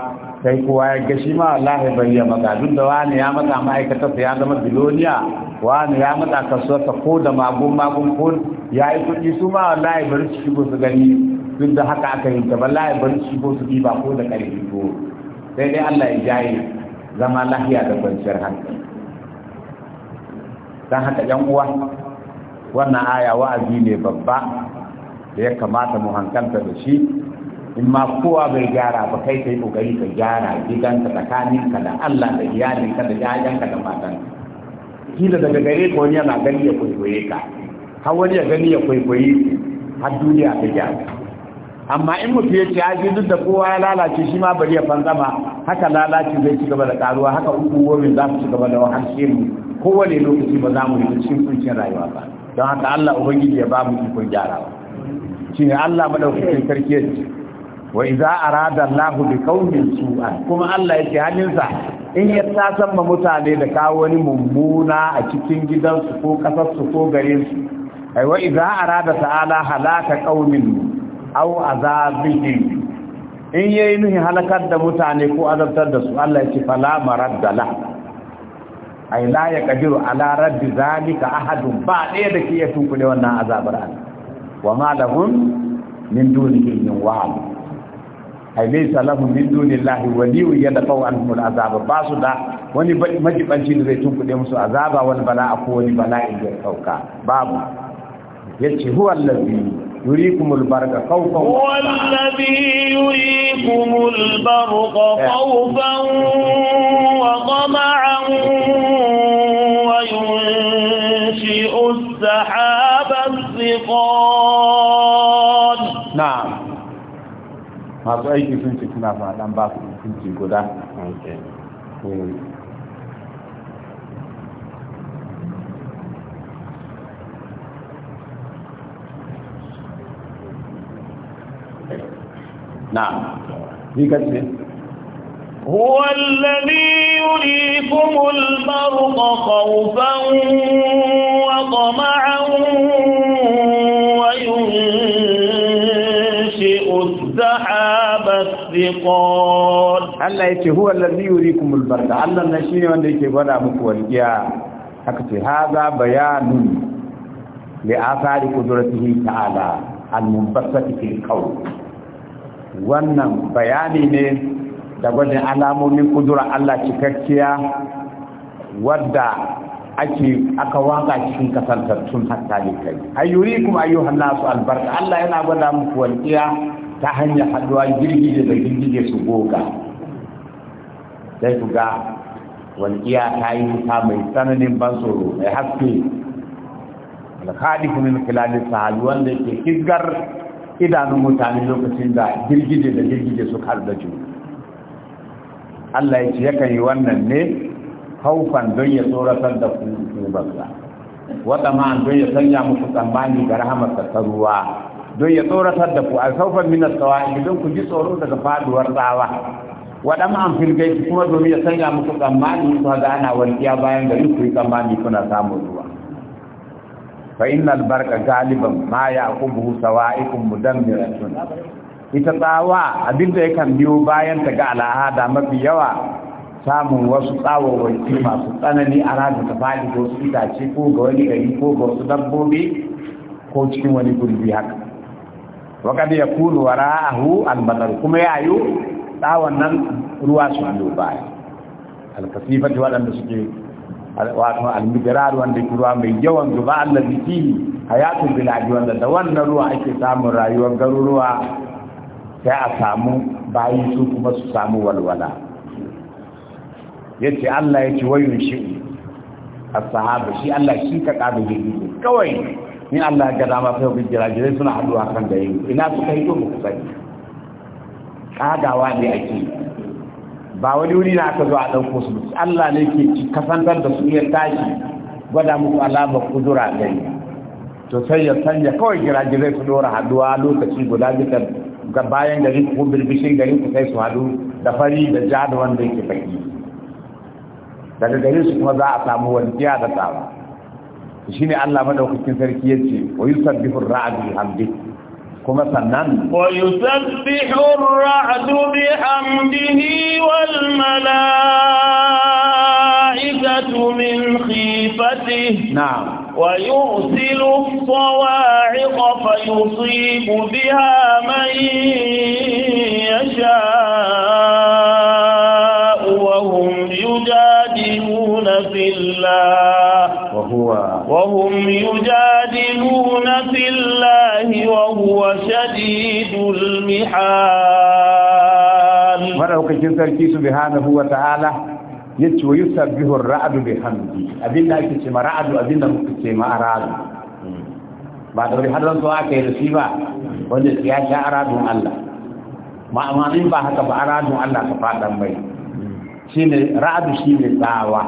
sai kowa ya gashi ma wallahi bai ya maka duk da wani ya maka ma'aikatar sa ya zama biloniya wani ya maka kasuwar ta ko da magun magun ko ya yi kuɗi su ma wallahi bari su shigo su gani duk da haka aka yi ta wallahi bari su shigo su ba ko da ƙarfi ko sai dai Allah ya jaye zama lahiya da kwanciyar hankali dan haka yan uwa wannan aya wa'azi ne babba da ya kamata mu hankalta da shi in ma kowa bai gyara ba kai kai kokari ka gyara gidanka tsakaninka da Allah da iyalinka da ƴaƴanka da matan kila daga gare ka wani yana gani ya kwaikwaye ka har wani ya gani ya kwaikwaye har duniya ta gyara amma in mutum ya ce ya duk da kowa ya lalace shi ma bari ya fanzama haka lalace zai ci gaba da karuwa haka uku hukumomin za su ci gaba da wahalshe mu kowane lokaci ba za mu yi cikin kuncin rayuwa ba don haka Allah ubangiji ya ba mu ikon gyarawa shi ne Allah madaukakin sarki ya wa idza arada Allahu bi qaumin su'a kuma Allah yake halinsa in ya tasan ma mutane da kawo wani mummuna a cikin gidansu ko su ko garin su ai wa idza arada ta'ala halaka qaumin aw azabihim in yayi nuhi halakar da mutane ko azabtar da su Allah yake fala maradda la ai la ya kadiru ala raddi zalika ahadun ba ɗaya da ke ya tunkule wannan azabar Allah wa ma lahum min dunihi min ليس لهم من دون الله ولي يدفعوا عنهم العذاب باسو دا وني ماجي بانشي زي تونكو دي مسو عذاب وني بلا اكو وني بلا ان جي باب يجي هو الذي يريكم البرق خوفا هو الذي يريكم البرق خوفا وطمعا وينشئ السحاب الثقال نعم masu aiki sun ce suna ba dan ba su hukunci guda na yi kace هو الذي يريكم البرق خوفا وطمعا وينزل السحاب الثقال الله يكي هو الذي يريكم البرد yake نشين وانده يكي بدا مكوال يا حكتي هذا بيان لآثار قدرته تعالى المنبسط في القول wannan bayani ne da gwada alamomin kudura Allah cikakkiya wadda ake aka waka cikin kasantattun hatta ne kai ayyuri kuma ayyuhan nasu albarka Allah yana gwada muku walƙiya ta hanyar haduwa girgije da girgije su goga sai ku ga walƙiya ta yi ta mai tsananin ban tsoro mai haske alkhadi kuma na kilalin sahabi wanda ke kisgar idanun mutane lokacin da girgije da girgije su kar da ju Allah ya ce yakan yi wannan ne haufan don ya tsoratar da ku ku banza wata ma'an don ya sanya muku tsammani ga rahamar ta ruwa don ya tsoratar da ku a saufan minas tsawa don ku ji tsoro daga faduwar tsawa waɗan an filgai kuma domin ya sanya muku tsammani su haɗa ana walƙiya bayan da ku yi tsammani kuna samun ruwa fa barka galiban ma ya kubu sawa'ikum mudammiratun ita tsawa abinda ya kan biyo bayan ta ga al'ada mafi yawa samun wasu tsawawaki masu tsanani a rana ta faɗi ko su itace ko ga wani gari ko ga wasu dabbobi ko cikin wani gurbi haka wakad ya kunu wara'ahu al-badar kuma ya yi tsawon nan ruwa su hannu baya al-kasifati waɗanda suke wato al-midirar wanda ke ruwa mai yawan zuba Allah a yatsun biladi wanda da wannan ruwa ake samun rayuwar garuruwa sai a samu bayi su kuma su samu walwala yace Allah yace wayun shi as-sahaba shi Allah shi ka kada jirgi kawai ni Allah ga dama sai ku jira suna haduwa kan da yi ina suka yi ku sani kagawa ne ake ba wani wuri na aka zo a dauko su Allah ne ke kasantar da su iya tashi gwada muku alama kudura dai to sai ya sanya kawai jira su dora haduwa lokaci guda bisa ga bayan gari ku birbishin gari ku sai su hadu da fari da jadawan da wanda yake baki daga gari su kuma za a samu wani da tsawa shine Allah madaukakin sarki yace wa yusabbihu ar-ra'du bihamdi kuma sannan wa yusabbihu ar-ra'du bihamdihi wal malaa'ikatu min khifatihi na'am ويرسل الصواعق فيصيب بها من يشاء وهم يجادلون في الله وهو وهم يجادلون في الله وهو شديد المحال وانا اوكي جنسان سبحانه وتعالى يتشو يسبه الرعد بحمدي ابينا كي ما رعد ابينا كي ما رعد ما دوري حدا سوا كي رسيبا يا شاء رعد الله ما امانين باها تبع رعد من الله تفادا مي شيني رعد شيني ساوا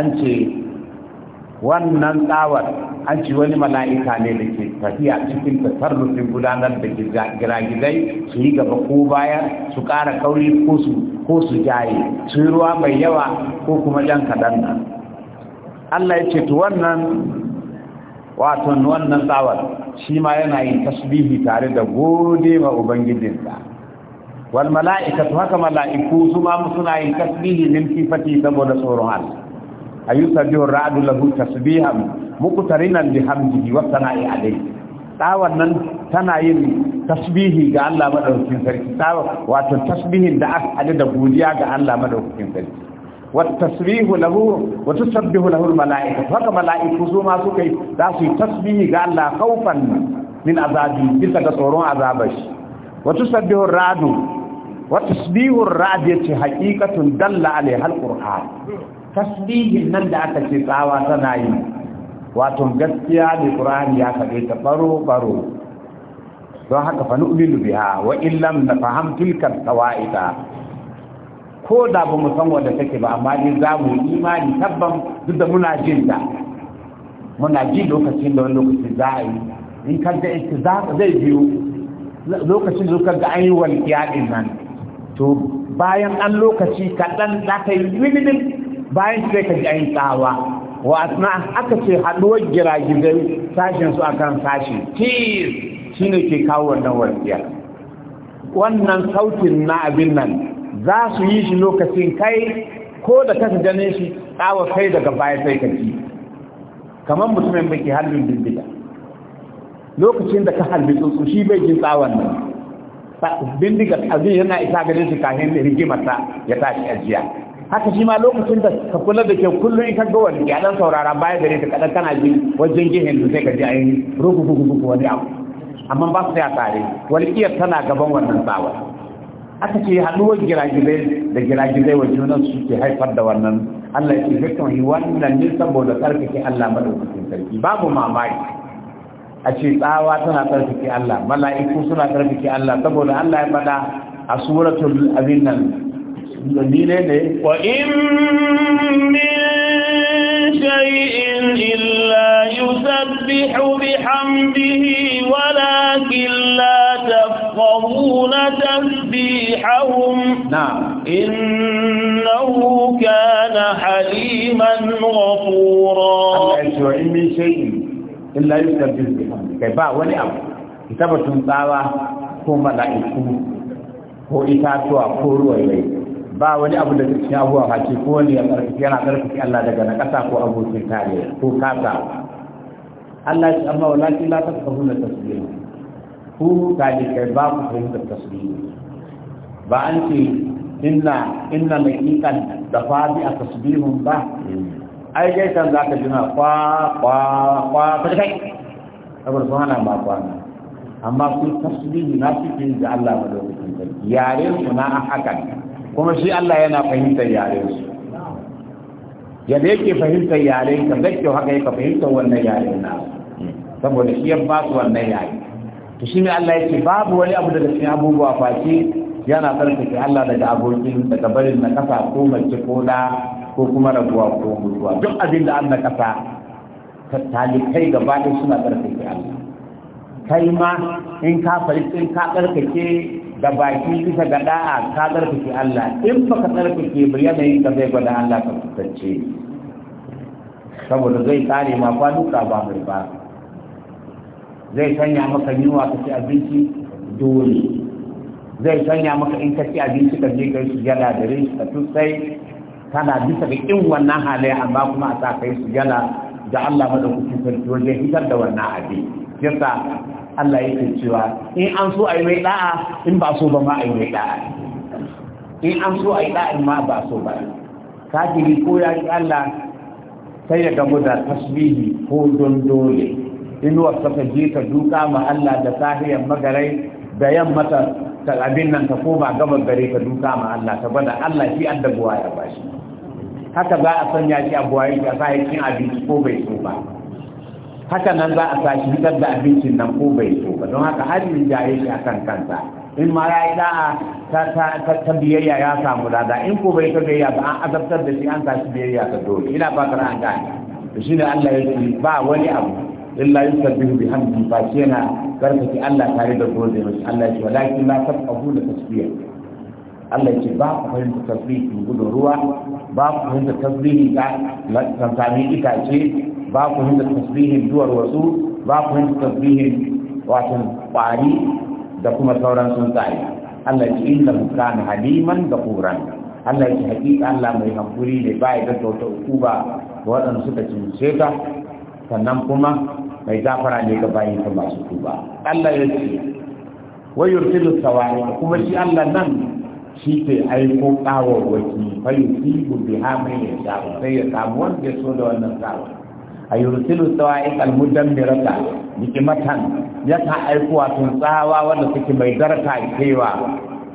أنت wannan tsawar an ci wani mala'ika ne da ke tafiya cikin tasarrufin gudanar da giragizai su yi gaba ko baya su ƙara kauri ko su jaye su yi ruwa mai yawa ko kuma jan kaɗan nan allah ya ce to wannan waton wannan tsawar shi ma yana yin tasbihi tare da gode ma ubangijinsa wal mala'ikatu haka mala'iku su ma suna yin tasbihi min fifati saboda tsoron allah ayusa biyo raadu lahu tasbihan muqtarinan bi hamdihi wa sana'i alayhi tawan nan tana yin tasbihi ga Allah madaukakin sarki tawa wato tasbihin da aka hada da godiya ga Allah madaukakin sarki wa tasbihu lahu wa tusabbihu lahu almala'ika haka mala'iku su ma suka yi za su yi tasbihi ga Allah khaufan min azabi bisa ga tsoron azabashi wa tusabbihu radu wa tasbihu radu yace haqiqatun dalla alai alqur'an tasbihin nan da aka ce tsawa tana yi wato gaskiya da qur'ani ya faɗe ta baro baro don haka fa nubi biha wa illam faham tilka tawaida ko da ba mu san wanda take ba amma dai za mu imani tabban duk da muna jin ta muna ji lokacin da wani lokaci za a yi in ka ga ka zai biyu lokacin da ka ga an yi walƙiya din nan to bayan ɗan lokaci kaɗan za ka yi wililin bayan sai ka ji ayin tsawa wa aka ce haɗuwar giragizai sashen su akan sashi tir shi ne ke kawo wannan warkiyar wannan sautin na abin nan za su yi shi lokacin kai ko da kasa ganin shi tsawa kai daga baya sai ka ji kamar mutumin baki halin bindiga lokacin da ka halbi tsuntsu shi bai jin tsawon nan bindiga abin yana isa ganin shi kafin rigimarsa ya tashi ajiya haka shi ma lokacin da ka kula da ke kullum ita ka ga wani ya dan saurara baya gare ka kadan kana ji wajen gihin da sai ka ji ayin ruku ruku ruku wani abu amma ba su ya tare iya tana gaban wannan tsawa aka ce haɗuwar giragirai da giragirai wa junan su ke haifar da wannan Allah ke zikin yi wannan ne saboda tsarkake Allah madaukakin sarki babu mamaki a ce tsawa tana tsarkake Allah mala'iku suna tsarkake Allah saboda Allah ya faɗa a suratul abin nan وان من شيء الا يسبح بحمده ولكن لا تفقهون تسبيحهم نعم انه كان حليما غفورا وان من شيء الا يسبح بحمده كيف بقى وني ابو كتابه تنباوا ko mala'iku ko itatuwa ko ruwaye ba wani abu da cikin abuwa haki ko wani ya tsarkake yana tsarkake Allah daga na ƙasa ko abokin kare ko kasa Allah ya amma walakin la tafahuna tasbih ku ji kai ba ku fahimta tasbih ba an ce inna inna maqiqan da fa bi tasbihun ba ai dai za ka jina kwa kwa kwa kai saboda sun hana ba kwana amma ku tasbihi na cikin da Allah madaukakin sarki yare su na hakan kuma shi Allah yana fahimtar yaren su yadda yake fahimtar yaren ka zai kyau haka yake fahimtar wannan yaren na saboda shi ya ba su wannan yare to shi ne Allah yake babu wani abu daga cikin abubuwa face yana tsarkake Allah daga abokin daga barin na kasa ko mace ko da ko kuma rabuwa ko mutuwa duk abin da an na kasa talikai gaba ɗaya suna tsarkake Allah kai ma in ka farki ka tsarkake da baki bisa ga da'a ka tsarkake Allah in ba ka tsarkake ba yanayin ka zai gwada Allah ka kusance saboda zai tsare ma kwanuka ba mai ba zai sanya maka yunwa ka ci abinci dole zai sanya maka in ka ci abinci ka je kai sujada da rin ka tutsai kana bisa ga in wannan halayya amma kuma a sa kai sujada da Allah madaukakin sarki wajen hitar da wannan abin yasa Allah yake cewa in an so a yi mai da'a in ba so ba ma a yi mai da'a in an so a yi da'in ma ba so ba ni ko ya ki Allah sai ya gamu da tasbihi ko don dole in wa ta je ka duka ma Allah da sahiyan magarai da yamma ta abin nan ko koma gaba gare ka duka ma Allah ta gwada Allah shi addabuwa ya bashi haka ba a sanya shi a buwaye shi a sahihin abinci ko bai so ba haka nan za a sashi fitar da abincin nan ko bai so ba don haka har jaye shi akan kansa in ma ya yi da'a ta biyayya ya samu lada in ko bai ta biyayya ba an azabtar da shi an sashi biyayya ta dole ina fatar an gane to shi ne Allah ya ce ba wani abu illa bi bihamdi ba shi yana karkace Allah tare da gode mashi Allah ya ce walakin sabbin abu da tasbih Allah ya ce ba ku fahimta tasbihin gudun ruwa ba ku fahimta tasbihin ga tantami itace ba ku hinda tasbihin duwar wasu ba ku hinda tasbihin watan kwari da kuma sauran tsuntsaye Allah ya inda na haliman da kuran Allah ya hakika Allah mai hankuri ne ba ya da tauta uku ba waɗanda suka cince ka sannan kuma mai zafara ne ga bayin ka masu tuba Allah ya ce wa yurtilu sawai kuma shi Allah nan shi ke aiko kawo waki fa yusibu biha mai ya sai ya samu wanda ya so da wannan kawo a yursilu sawa'ik almudammirata nikimatan yaka aikuwa tun tsawa wanda suke mai darka kaiwa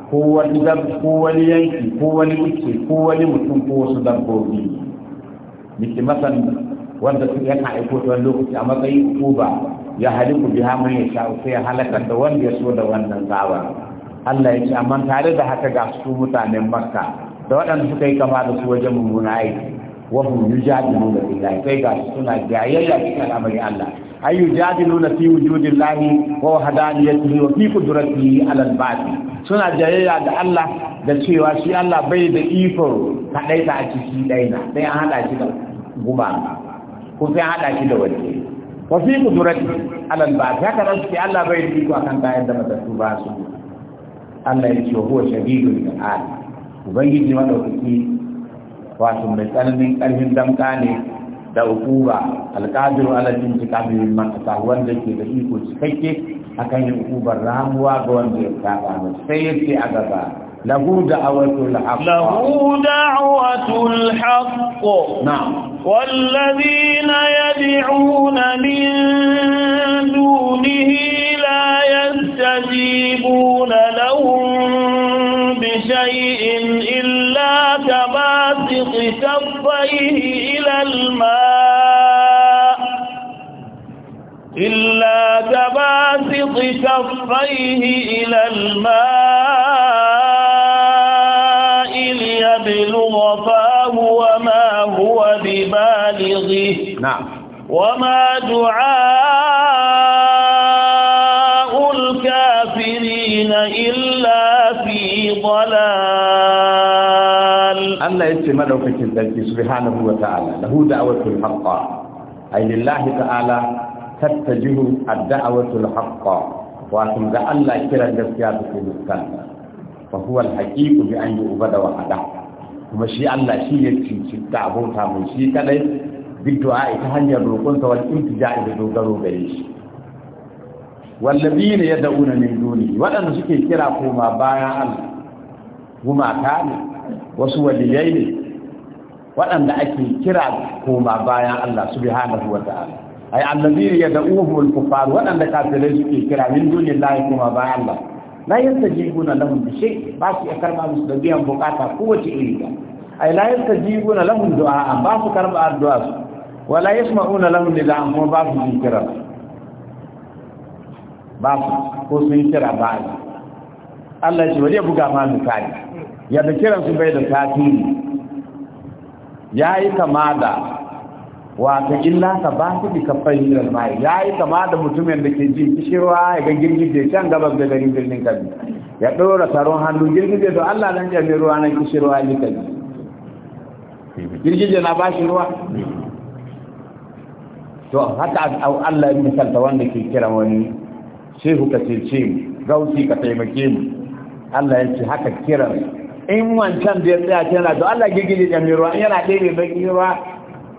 ko wani ko wani yanki ko wani uce ko wani mutum ko wasu dabbobi nikimatan wanda su yaka aiko ta wani lokaci a matsayin ba ya haliku bi man ya sha sai ya halakar da wanda ya so da wannan tsawa Allah ya ce amma tare da haka ga su mutanen Makka da waɗanda suka yi kama da su wajen mummuna aiki وهم يجادلون في الله فإذا سنة جاية كان أمر الله أي يجادلون في وجود الله ووحدانيته وفي قدرته على الباطل سنة جاية الله da cewa shi Allah bai da ikon ta a ciki ɗai na sai an haɗa shi da guba, ko sai an haɗa shi da wani wa fi kudurati alal ba ta kana shi Allah bai da iko akan kayan da matattu ba su Allah ya ce huwa shadidul al ubangiji madaukaki wato mai tsananin ƙarfin damka ne da ukuba alƙadiru ala jin jika min makasa wanda ke da iko cikakke akan yin ukubar ramuwa ga wanda ya saba mai sai yace a gaba lahu da'awatul haqq lahu da'watul haqq na'am والذين يدعون من دونه لا يستجيبون كفيه إلى الماء إلا كباسط كفيه إلى الماء ليبلغ فاه وما هو ببالغه نعم وما دعاء الكافرين إلا في ضلال Allah ya ce madaukakin su subhanahu wa ta'ala lahu da'watul haqqa ay ta'ala tattajihu ad-da'watul haqqa wa tun da Allah kira gaskiya su ke fuskanta fa huwa al bi an da wahda kuma shi Allah shi ya cinci ta abota mun shi kadai bid'a ita hanyar roƙon wani wal iltija'i da dogaro gare shi ya dauna min duni wadanda suke kira koma bayan Allah gumaka ne wasu waliyai ne waɗanda ake kira koma bayan Allah subhanahu wa ta'ala ai annabi ya da uhul kufar waɗanda kafirai suke kira min dunillahi koma bayan Allah la yastajibuna lahum bi shay ba su karba musu da biyan bukata ko wace iri ba ai la yastajibuna lahum du'a ba su karba addu'a su wala yasma'una lahum lid'a kuma ba su kira ba su ko sun kira ba Allah ce bari ya buga ma misali yadda kiransu bai da tasiri ya yi kama da wata illa ka ba su bi kafin hirar mai ya yi kama da mutumin da ke jin kishirwa ya ga girgije can gabas da garin birnin kabi ya ɗora taron hannu girgije to Allah nan jami ruwa na kishirwa ne kabi girgije na ba shi ruwa to haka Allah ya misalta wanda ke kiran wani shehu ka ce ce mu gausi ka taimake mu Allah ya ce haka kiran in wancan da ya tsaya yana to Allah gigili da mai ruwa yana ɗebe baki ruwa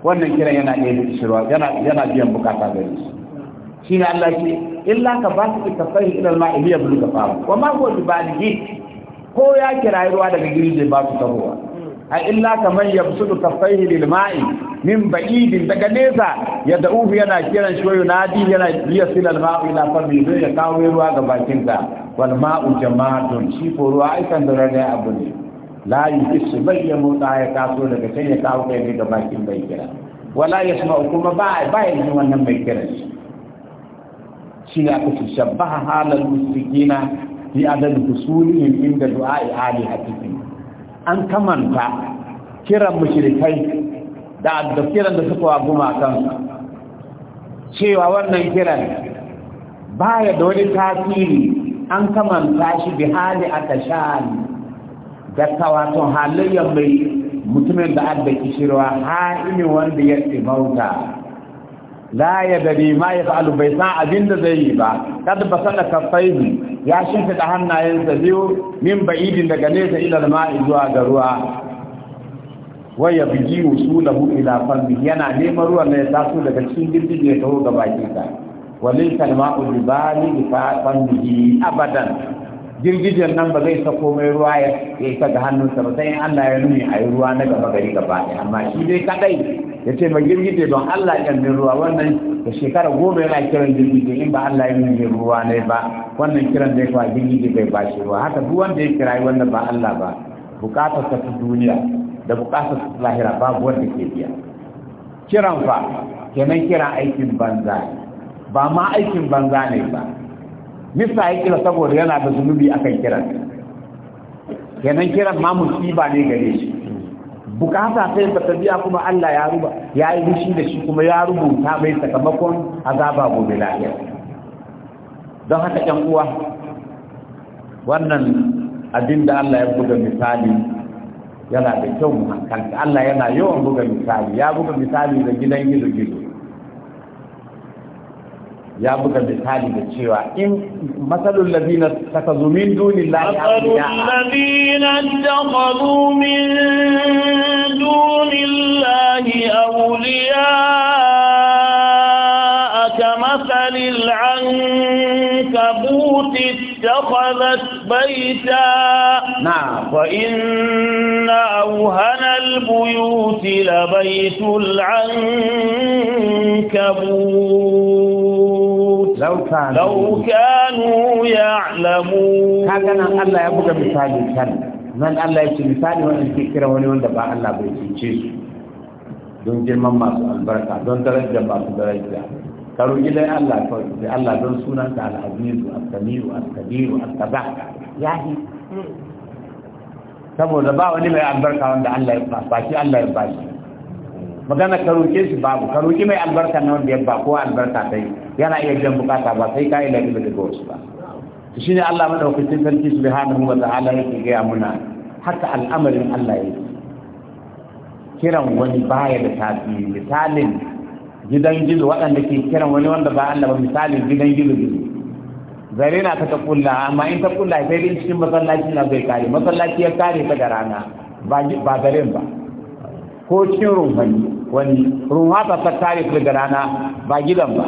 wannan kiran yana ɗebe shi ruwa yana biyan bukata da shi shi ne Allah ce illa ka ba su ka sai ilal ma iliya bulu ka fara wa ma huwa bi baligi ko ya kira ruwa daga girje ba su tahowa a illa ka man yabsudu kafaihi lil ma'i min ba'idin daga nesa ya da'uhu yana kiran shi wayo nadi yana liyasila al ma'u ila fami zai ya kawo ruwa ga bakin ka wal ma'u jamadun shi ko ruwa ai kan da abu ne la yusu bai ya motsa ya taso daga can ya kawo kai ne ga bakin bai kira wala yasma'u kuma ba ba ya ji wannan mai kira shi shi ne aka halal musrikina bi adad husulihim inda du'a'i hakiki. an kamanta kiran mushrikai da da kiran da suka guma kan cewa wannan kiran baya da wani tasiri an kamanta shi bi hali a tashani da kawaton halayyar mai mutumin da adda kishirwa ha'ini wanda ya tsibauta la ya dari ma ya fa'alu bai san abin da zai yi ba kada ba sada kafaihi ya shimfi da hannayensa biyu min ba'idin daga nesa ila ma'i zuwa ga ruwa ya bigi usulahu ila fanni yana neman ruwan ne ya taso daga cikin girgije ya taho ga bakin walaysa al ulibali bi fa bandi abadan girgijen nan ba zai sako mai ruwa ya isa ga hannunsa ba sai in Allah ya nuni a ruwa na gaba gari gaba amma shi dai kadai ya ce mai girgije don Allah ya nuni ruwa wannan da shekara goma yana kiran girgije in ba Allah ya nuni ruwa ne ba wannan kiran da ya kwa girgije bai ba shi ruwa haka duk wanda ya kira wanda ba Allah ba bukatar ta duniya da bukatar ta lahira babu wanda ke biya kiran fa kenan kiran aikin banza ba ma aikin banza ne ba Misa ya kira saboda yana da zunubi a kan kiran kenan kiran ma musiba ne gare shi bukata sai ba ta biya kuma Allah ya ruba ya yi da shi kuma ya rubuta mai sakamakon azaba gobe lafiya don haka ƴan uwa wannan abin da Allah ya buga misali yana da kyau mu hankalta Allah yana yawan buga misali ya buga misali da gidan gizo gizo ya buga misali da cewa in matsalul ladina takazu min dunillahi awliya ladina takazu min dunillahi awliya kamathalil ankabut اتخذت بيتا نعم وإن أوهن البيوت لبيت العنكبوت lau kanu ya'lamu kaga nan Allah ya buga misali kan nan Allah ya ce misali wanda ke kira wani wanda ba Allah bai cince su don girman masu albarka don darajar masu daraja ka roƙi dai Allah kawai da Allah don sunan ka al-azizu al-samiu al-kabiru al-qadha yahi saboda ba wani mai albarka wanda Allah ya ba shi Allah ya ba shi magana ka roƙe su babu ka roƙi mai albarka na wanda ya ba ko albarka ta yi yana iya jan bukata ba sai kai lafi da daga wasu ba to shine Allah madaukakin sarki subhanahu wa ta'ala yake gaya muna haka al'amarin Allah yake kiran wani baya da tafi misalin gidan gizo waɗanda ke kiran wani wanda ba Allah ba misalin gidan gizo gizo zare na ta kulla amma in ta kulla sai dai cikin masallaci na zai kare masallaci ya kare ta da rana ba zaren ba ko cikin rumfani wani rumfa ta kare ta da rana ba gidan ba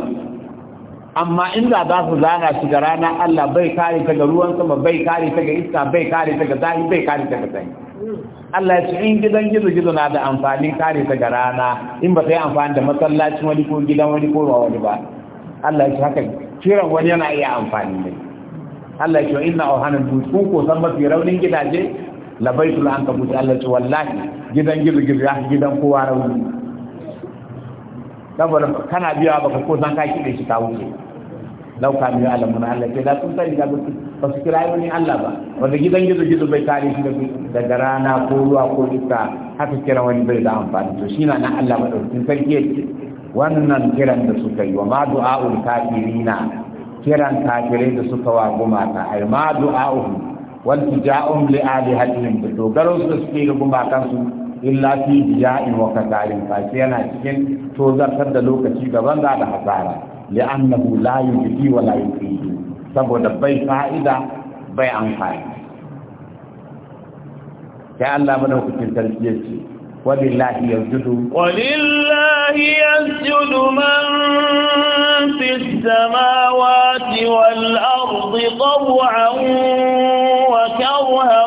amma inda za su zana shi da rana Allah bai kare ta ga ruwan sama bai kare ta ga iska bai kare ta ga zahi bai kare ta ga sanyi Allah ya ce in gidan gizo gizo na da amfani kare ta ga rana in ba ta yi amfani da masallacin wani ko gidan wani ko ruwa wani ba Allah ya ce haka kiran wani yana iya amfani ne Allah ya ce inna auhanan dutsu ko san mafi raunin gidaje labaitul ankabut Allah ce wallahi gidan gizo gizo ya gidan kowa rauni saboda kana biya baka ko san ka kide shi ta wuce lauka ne mun Allah ke da sun sani ga ba su kira ni Allah ba wanda gidan gizo gizo bai kare shi daga rana ko ruwa ko iska haka kira wani bay da amfani to shi na na Allah madaukakin sarki yake wannan kiran da suka yi wa ma du'a'ul kafirina kiran kafirai da suka wa gumaka ai ma du'a'uhum wal tija'um li alihatihim da dogaro su da suke ga gumakan su illa fi in wa kasarin fa yana cikin tozartar da lokaci gaban da hasara لأنه لا يجدي ولا يفيد سبب بي فائدة بي عن فائدة كأن لا منه في الترجيس ولله يسجد ولله يسجد من في السماوات والأرض طوعا وكرها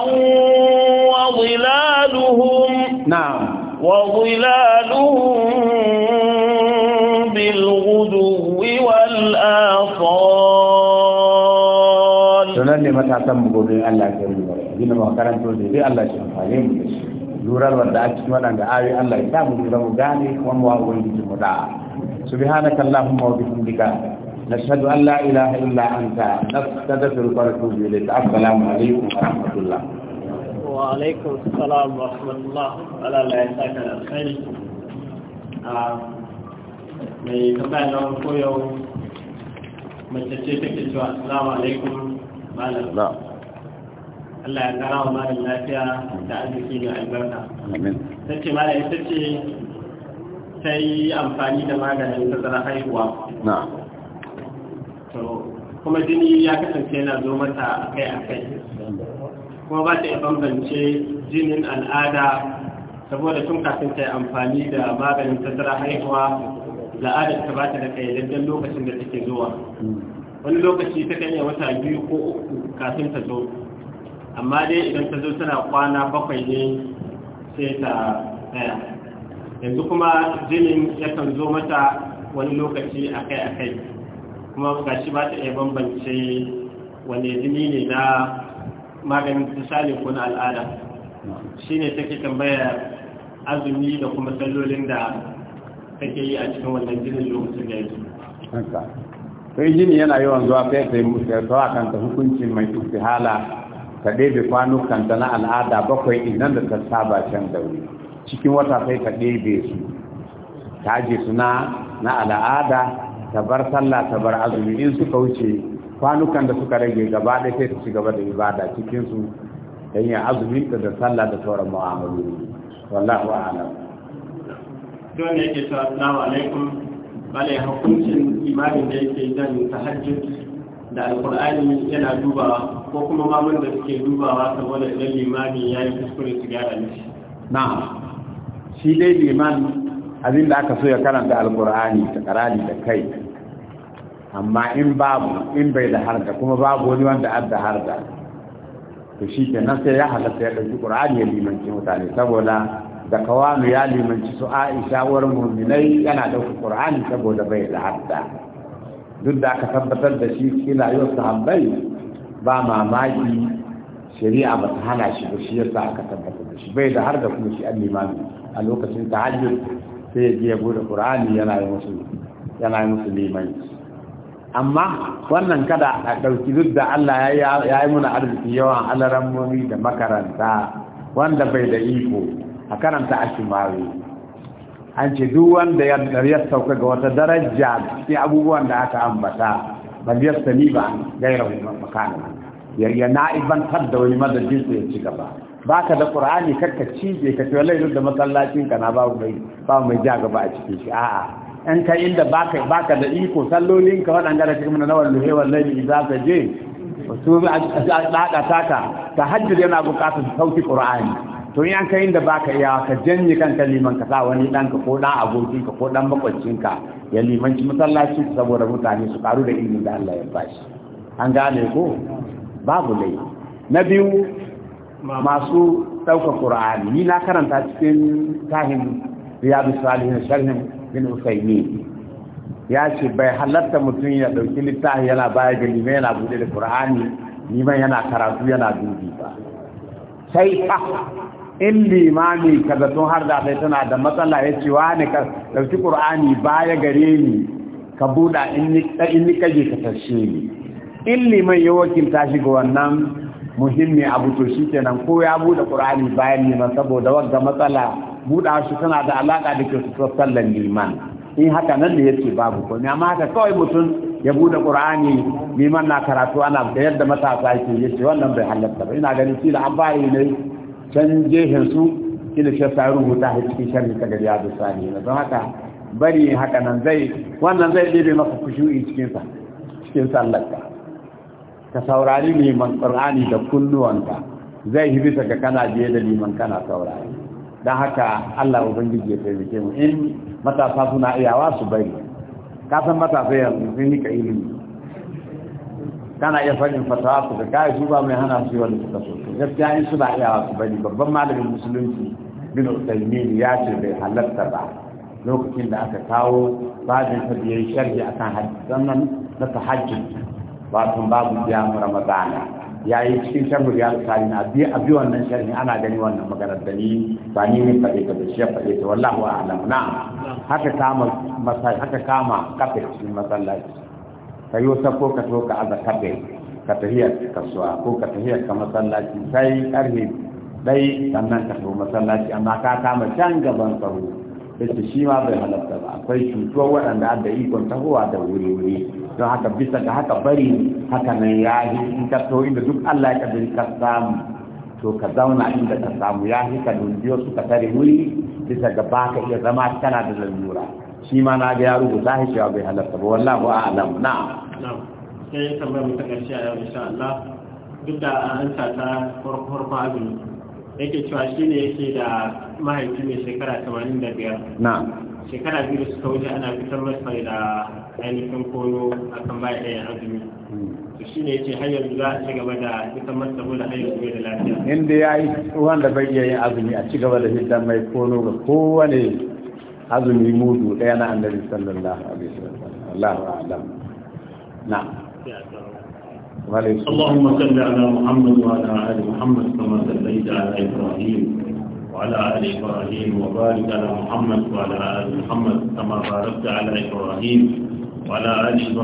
وظلالهم نعم وظلالهم san mu gobe Allah ya mu abin da makaranto da dai Allah shi amfane mu da shi lurarwar da a cikin waɗanda ayoyi Allah ya samu lura mu gane kuma mu wa ubangiji mu da subhanaka allahumma wa bihamdika nashhadu an la ilaha illa anta nastaghfiruka wa natubu ilayk assalamu alaikum wa rahmatullah wa alaikum assalam wa rahmatullah ala la yasaka alkhair ah, mai tambaya na koyo mace ce take cewa assalamu alaikum Allah ya kara wa malam lafiya da arziki mai albarka amin tace malam ita ce yi amfani da maganin tazara haihuwa to kuma jini ya kasance yana zo mata akai akai kuma ba ta bambance jinin al'ada saboda tun kafin ta yi amfani da maganin tattara haihuwa la'adar ta ba ta da kayyadadden lokacin da take zuwa hmm. wani lokaci ta kan yi wata biyu ko uku kafin ta zo amma dai idan ta zo tana kwana bakwai ne sai ta tsaya yanzu kuma jinin yakan zo mata wani lokaci akai-akai kuma ga shi ba ta iya bambance wani jini ne na maganin misali ko na al'ada shi ne take tambaya azumi da kuma sallolin da take yi a cikin wannan jinin lokacin da ya zo sai jini yana yawan zuwa sai sai a kanta hukuncin mai hala ta ɗebe kwanukanta na al'ada bakwai idan da ta saba can da wuri cikin wata sai ta ɗebe su ta aje su na al'ada ta bar sallah ta bar azumi in suka wuce kwanukan da suka rage gaba ɗaya sai ta ci gaba da ibada cikin su ta yin azumi ta da sallah da sauran mu'amalu wallahu a'lam don yake assalamu alaikum bale hukuncin imanin da yake zan tahajjud da alkur'ani yana dubawa ko kuma mamun da suke dubawa saboda idan limami ya yi kuskure su gyara Na, na'am shi dai liman abin da aka so ya karanta alkur'ani ta karali da kai amma in babu in bai da harda kuma babu wani wanda an da harda to shi ke nan sai ya halatta ya ɗauki ƙur'ani ya limanci mutane saboda da kawami ya limanci su aisha wurin muminai yana da qur'ani saboda bai da hadda duk da aka tabbatar da shi kila yau sahabbai ba mamaki shari'a ba ta hana shi ba shi yasa aka tabbatar da shi bai da har da kuma shi an limami a lokacin tahajjud sai ya je ya bude qur'ani yana yi musu yana amma wannan kada a ɗauki duk da Allah ya yi muna arziki yawan alarammomi da makaranta wanda bai da iko a karanta a shimari an ce duk wanda ya sauka ga wata daraja cikin abubuwan da aka ambata ba bal ni ba gairar makana ya yi na'ibantar da wani madadin su ya ci gaba Ba ka da ƙura'ani karka cije ka ce wallahi da masallacin ka na babu mai ja gaba a cikin shi a'a in ka inda baka ka da iko sallolin ka waɗanda da cikin nawar luhe wallahi za ka je su a dada taka tahajjud yana bukatar sauki ƙura'ani to yan da ba baka iya ka janye kanka liman ka sa wani dan ka ko dan abokin ka ko dan makwancin ka ya limanci masallaci saboda mutane su karu da ilimin da Allah ya bashi an gane ko babu lai na biyu masu ɗaukar Kur'ani, ni na karanta cikin tahin riyadu salihin sharhin bin usaimi ya ce bai halatta mutum ya ɗauki littafi yana baya ga liman yana buɗe da Kur'ani, liman yana karatu yana dubi ba sai fa in limami kaza tun har da sai tana da matsala ya ce wani ka ɗauki ƙur'ani baya gare ni ka buɗa in ni kaje ka tashe ni in liman ya wakilta shi ga wannan muhimmi abu to shi kenan ko ya buɗe ƙur'ani bayan liman saboda wanda matsala buɗa shi tana da alaƙa da kyautar sallan liman in haka nan da ya babu babu komai amma haka kawai mutum ya buɗe ƙur'ani liman na karatu ana da yadda matasa ke ya wannan bai halatta ba ina ganin shi da ne can jehen su ina ce sa rubuta a cikin shan ta gari abu sani na don haka bari haka nan zai wannan zai ɗebe maka kushu'i cikin sa cikin sallarka ka saurari liman qur'ani da kunnuwanka zai yi bisa ga kana biye da liman kana saurari don haka Allah ubangiji ya taimake mu in matasa suna iyawa su bari ka matasa yanzu sun yi ka ilimi kana iya faɗin fatawa ku da kayan ba mai hana su yi wani suka so gaskiya in suna iya wasu bari babban malamin musulunci bin usaimin ya ce bai halarta ba lokacin da aka kawo babin ta da sharhi a kan hajji sannan na ta hajji wato babu mu ramadana ya yi cikin sharhu ya tsari na a bi wannan sharhi ana gani wannan maganar da ni ba ni ne faɗe ka da shi ya faɗe ta wallahu a'lam na haka kama haka kama kafin cikin masallaci ka yi wasa ko ka to ka aza kabe ka tahiyar kasuwa ko ka tahiyar ka masallaci sai karfe dai sannan ka to masallaci amma ka kama can gaban tsaro su shi ma bai halatta ba akwai cutuwar waɗanda a da ikon tahowa da wuri-wuri don haka bisa ga haka bari haka nan ya yi in ka to inda duk Allah ya kadari ka samu to ka zauna inda ka samu ya yi ka dundiyo suka tare wuri bisa ga baka iya zama kana da lalura shi ma na ga yaro da shi ya bai halarta ba wallahu a'lam na. na'am sai tambayar mu ta karshe a yau insha Allah duk da an ta ta farko azumi yake cewa shi ne yake da mahaifi mai shekara 85 na shekara biyu da suka wuce ana fitar masa da ainihin koyo kan bayan ɗayan azumi to shi ne yake har yanzu za a ci gaba da fitar masa saboda har yanzu da lafiya inda ya yi wanda bai iya yin azumi a ci gaba da hidda mai kono ga kowane azumi mudu ɗaya na annabi sallallahu alaihi wasallam Allahu a'lam na'am اللهم صل على محمد وعلى ال محمد كما صليت على ابراهيم وعلى ال ابراهيم وبارك على محمد وعلى ال محمد كما باركت على ابراهيم وعلى ال ابراهيم